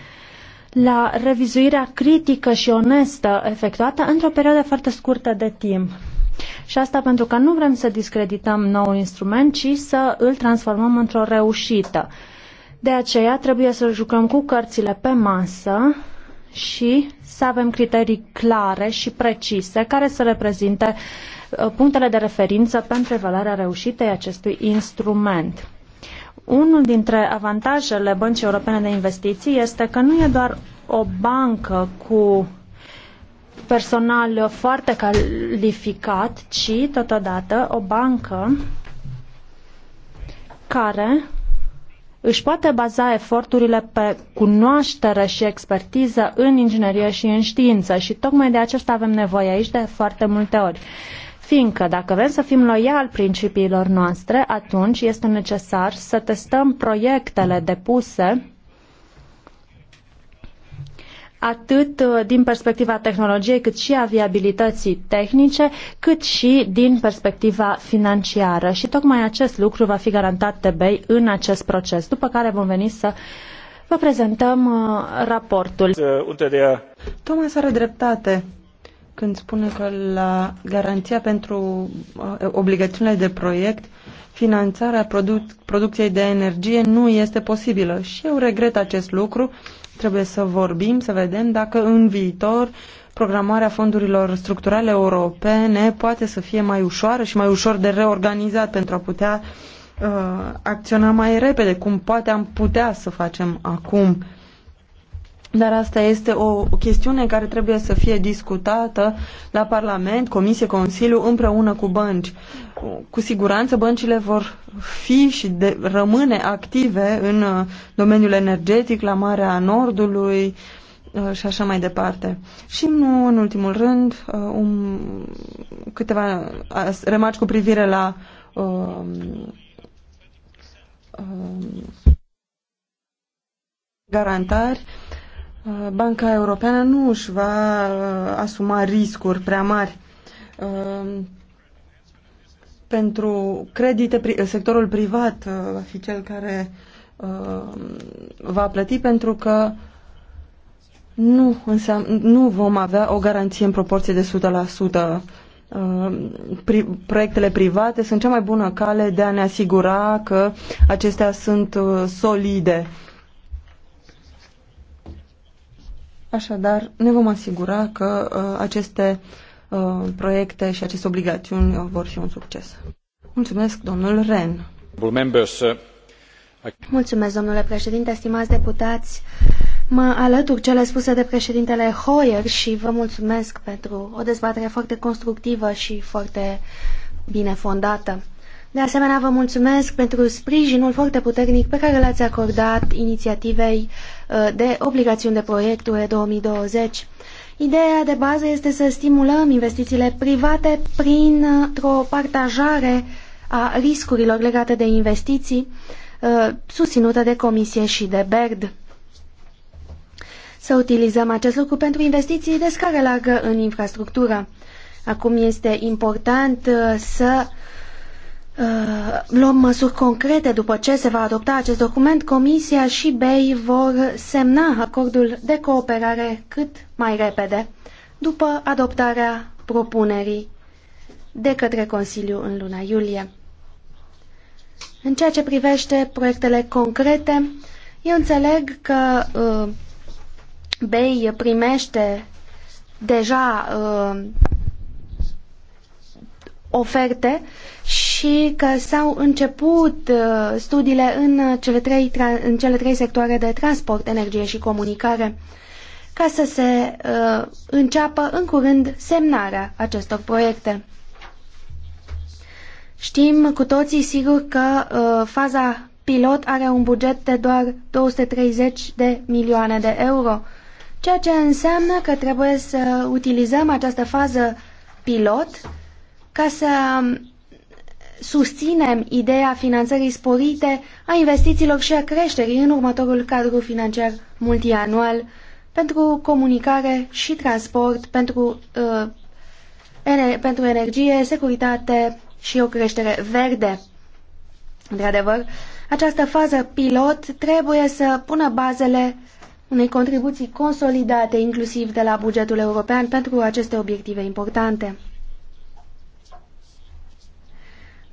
la revizuirea critică și onestă efectuată într-o perioadă foarte scurtă de timp. Și asta pentru că nu vrem să discredităm nou instrument, ci să îl transformăm într-o reușită. De aceea trebuie să jucăm cu cărțile pe masă și să avem criterii clare și precise care să reprezinte uh, punctele de referință pentru evaluarea reușitei acestui instrument. Unul dintre avantajele Băncii Europene de Investiții este că nu e doar o bancă cu personal foarte calificat, ci totodată o bancă care își poate baza eforturile pe cunoaștere și expertiză în inginerie și în știință și tocmai de acesta avem nevoie aici de foarte multe ori. Fiindcă dacă vrem să fim loiali principiilor noastre, atunci este necesar să testăm proiectele depuse atât uh, din perspectiva tehnologiei, cât și a viabilității tehnice, cât și din perspectiva financiară. Și tocmai acest lucru va fi garantat de BEI în acest proces, după care vom veni să vă prezentăm uh, raportul. Uh, Thomas are dreptate când spune că la garanția pentru obligațiunile de proiect, finanțarea produc- producției de energie nu este posibilă. Și eu regret acest lucru Trebuie să vorbim, să vedem dacă în viitor programarea fondurilor structurale europene poate să fie mai ușoară și mai ușor de reorganizat pentru a putea uh, acționa mai repede, cum poate am putea să facem acum. Dar asta este o chestiune care trebuie să fie discutată la Parlament, Comisie, Consiliu, împreună cu bănci. Cu siguranță băncile vor fi și de, rămâne active în uh, domeniul energetic, la Marea Nordului uh, și așa mai departe. Și nu în ultimul rând, um, câteva remarci cu privire la um, um, garantari. Uh, Uh, Banca Europeană nu își va uh, asuma riscuri prea mari. Uh, pentru credite, sectorul privat va fi cel care va plăti pentru că nu, înseamnă, nu vom avea o garanție în proporție de 100%. Pri, proiectele private sunt cea mai bună cale de a ne asigura că acestea sunt solide Așadar, ne vom asigura că uh, aceste uh, proiecte și aceste obligațiuni uh, vor fi un succes. Mulțumesc, domnul Ren. Uh, mulțumesc, domnule președinte, stimați deputați. Mă alătur cele spuse de președintele Hoyer și vă mulțumesc pentru o dezbatere foarte constructivă și foarte bine fondată. De asemenea, vă mulțumesc pentru sprijinul foarte puternic pe care l-ați acordat inițiativei uh, de obligațiuni de proiect UE 2020. Ideea de bază este să stimulăm investițiile private printr-o partajare a riscurilor legate de investiții uh, susținută de Comisie și de BERD. Să utilizăm acest lucru pentru investiții de scară largă în infrastructură. Acum este important uh, să uh, Uh, luăm măsuri concrete după ce se va adopta acest document, Comisia și BEI vor semna acordul de cooperare cât mai repede după adoptarea propunerii de către Consiliu în luna iulie. În ceea ce privește proiectele concrete, eu înțeleg că uh, BEI primește deja uh, oferte și și că s-au început uh, studiile în uh, cele, trei, în cele trei sectoare de transport, energie și comunicare, ca să se uh, înceapă în curând semnarea acestor proiecte. Știm cu toții sigur că uh, faza pilot are un buget de doar 230 de milioane de euro, ceea ce înseamnă că trebuie să utilizăm această fază pilot ca să um, susținem ideea finanțării sporite a investițiilor și a creșterii în următorul cadru financiar multianual pentru comunicare și transport, pentru, uh, ener pentru energie, securitate și o creștere verde. Într-adevăr, această fază pilot trebuie să pună bazele unei contribuții consolidate, inclusiv de la bugetul european, pentru aceste obiective importante.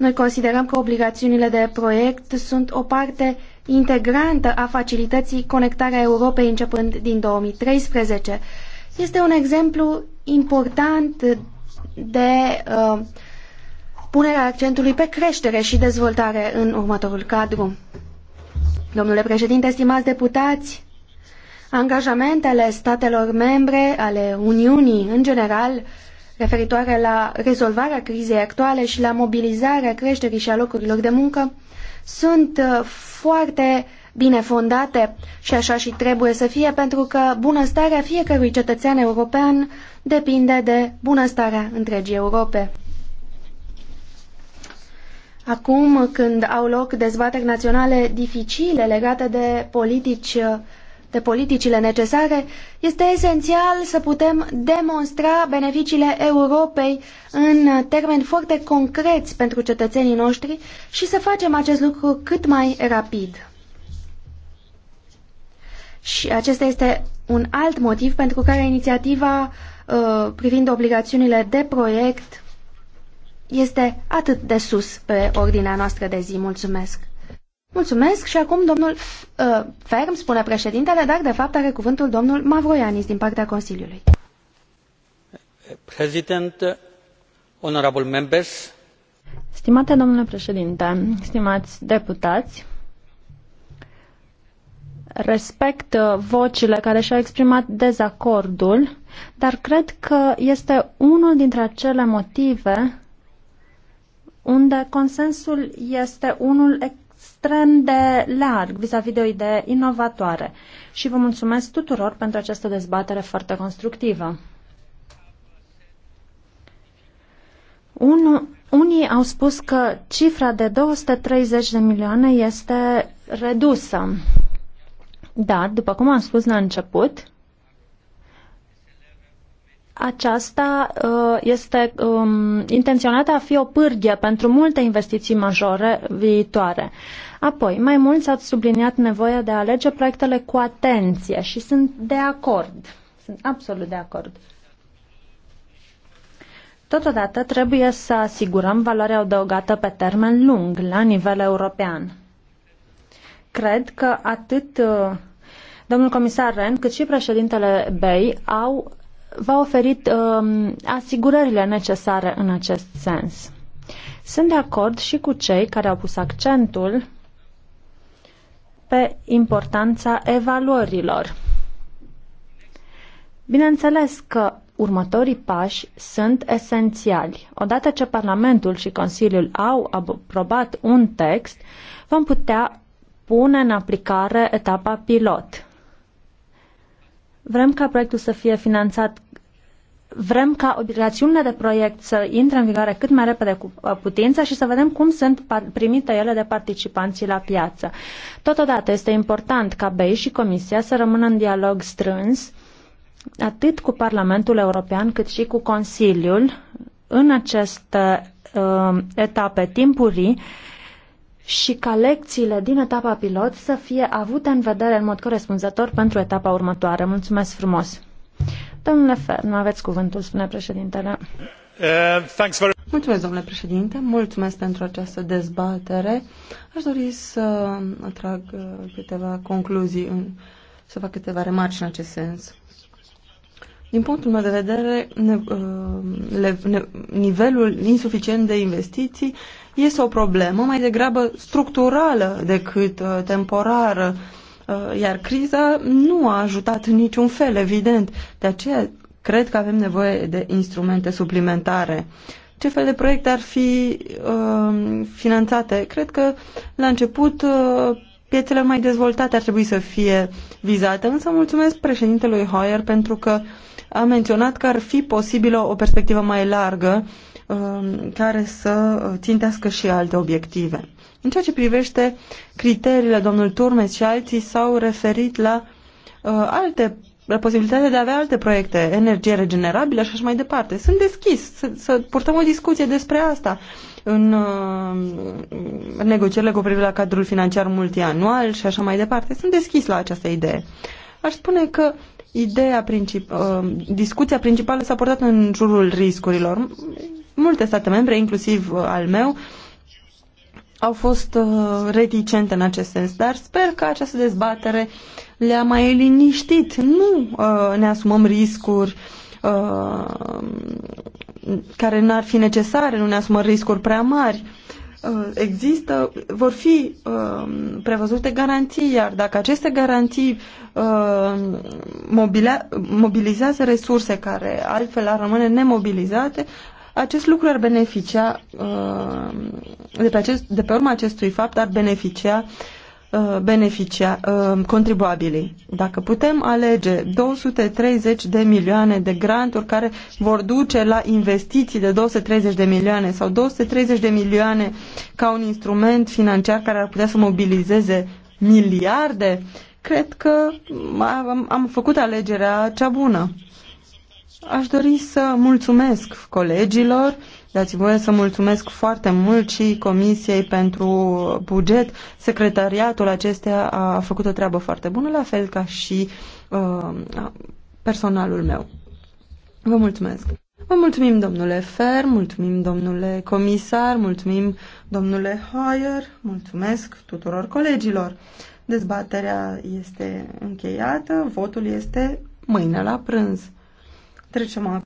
Noi considerăm că obligațiunile de proiect sunt o parte integrantă a facilității Conectarea Europei începând din 2013. Este un exemplu important de uh, punerea accentului pe creștere și dezvoltare în următorul cadru. Domnule președinte, stimați deputați, angajamentele statelor membre ale Uniunii în general referitoare la rezolvarea crizei actuale și la mobilizarea creșterii și a locurilor de muncă sunt uh, foarte bine fondate și așa și trebuie să fie pentru că bunăstarea fiecărui cetățean european depinde de bunăstarea întregii Europe. Acum, când au loc dezbateri naționale dificile legate de politici uh, de politicile necesare, este esențial să putem demonstra beneficiile Europei în termeni foarte concreți pentru cetățenii noștri și să facem acest lucru cât mai rapid. Și acesta este un alt motiv pentru care inițiativa uh, privind obligațiunile de proiect este atât de sus pe ordinea noastră de zi. Mulțumesc! Mulțumesc și acum domnul uh, Ferm spune președintele, dar de fapt are cuvântul domnul Mavroianis din partea Consiliului. President, honorable members. Stimate domnule președinte, stimați deputați, respect uh, vocile care și-au exprimat dezacordul, dar cred că este unul dintre acele motive unde consensul este unul extrem de larg vis-a-vis -vis de o idee inovatoare și vă mulțumesc tuturor pentru această dezbatere foarte constructivă. Unu, unii au spus că cifra de 230 de milioane este redusă. Dar, după cum am spus la început, aceasta uh, este um, intenționată a fi o pârghie pentru multe investiții majore viitoare. Apoi, mai mulți ați subliniat nevoia de a alege proiectele cu atenție și sunt de acord. Sunt absolut de acord. Totodată, trebuie să asigurăm valoarea adăugată pe termen lung, la nivel european. Cred că atât uh, domnul comisar Ren, cât și președintele BEI au v-a oferit uh, asigurările necesare în acest sens. Sunt de acord și cu cei care au pus accentul pe importanța evaluărilor. Bineînțeles că următorii pași sunt esențiali. Odată ce Parlamentul și Consiliul au aprobat un text, vom putea pune în aplicare etapa pilot. Vrem ca proiectul să fie finanțat vrem ca obligațiunile de proiect să intre în vigoare cât mai repede cu uh, putință și să vedem cum sunt primite ele de participanții la piață. Totodată este important ca BEI și Comisia să rămână în dialog strâns atât cu Parlamentul European cât și cu Consiliul în aceste uh, etape timpurii și ca lecțiile din etapa pilot să fie avute în vedere în mod corespunzător pentru etapa următoare. Mulțumesc frumos! Domnule nu aveți cuvântul, spune președintele. Uh, for... Mulțumesc, domnule președinte, mulțumesc pentru această dezbatere. Aș dori să atrag uh, câteva concluzii, să fac câteva remarci în acest sens. Din punctul meu de vedere, ne, uh, ne, nivelul insuficient de investiții este o problemă mai degrabă structurală decât uh, temporară, uh, iar criza nu a ajutat în niciun fel, evident. De aceea cred că avem nevoie de instrumente suplimentare. Ce fel de proiecte ar fi uh, finanțate? Cred că la început uh, piețele mai dezvoltate ar trebui să fie vizate, însă mulțumesc președintelui Hoyer pentru că uh, a menționat că ar fi posibilă o perspectivă mai largă um, care să țintească și alte obiective. În ceea ce privește criteriile, domnul Turmes și alții s-au referit la uh, alte la posibilitatea de a avea alte proiecte, energie regenerabilă și așa mai departe. Sunt deschis să, să purtăm o discuție despre asta în uh, negocierile cu privire la cadrul financiar multianual și așa mai departe. Sunt deschis la această idee. Aș spune că Ideea princip uh, discuția principală s-a portat în jurul riscurilor. Multe state membre, inclusiv uh, al meu, au fost uh, reticente în acest sens, dar sper că această dezbatere le-a mai liniștit. Nu ne asumăm riscuri care n-ar fi necesare, nu ne asumăm riscuri prea mari. Uh, există, vor fi uh, prevăzute garanții, iar dacă aceste garanții uh, mobile, mobilizează resurse care altfel ar rămâne nemobilizate, acest lucru ar beneficia, uh, de pe, acest, de pe urma acestui fapt, ar beneficia uh, Uh, beneficia, uh, contribuabilii. Dacă putem alege 230 de milioane de granturi care vor duce la investiții de 230 de milioane sau 230 de milioane ca un instrument financiar care ar putea să mobilizeze miliarde, cred că am, am făcut alegerea cea bună. Aș dori să mulțumesc colegilor Dați voie să mulțumesc foarte mult și Comisiei pentru buget. Secretariatul acestea a făcut o treabă foarte bună, la fel ca și uh, personalul meu. Vă mulțumesc! Vă mulțumim, domnule Fer, mulțumim, domnule comisar, mulțumim, domnule Hoyer, mulțumesc tuturor colegilor. Dezbaterea este încheiată, votul este mâine la prânz. Trecem acum.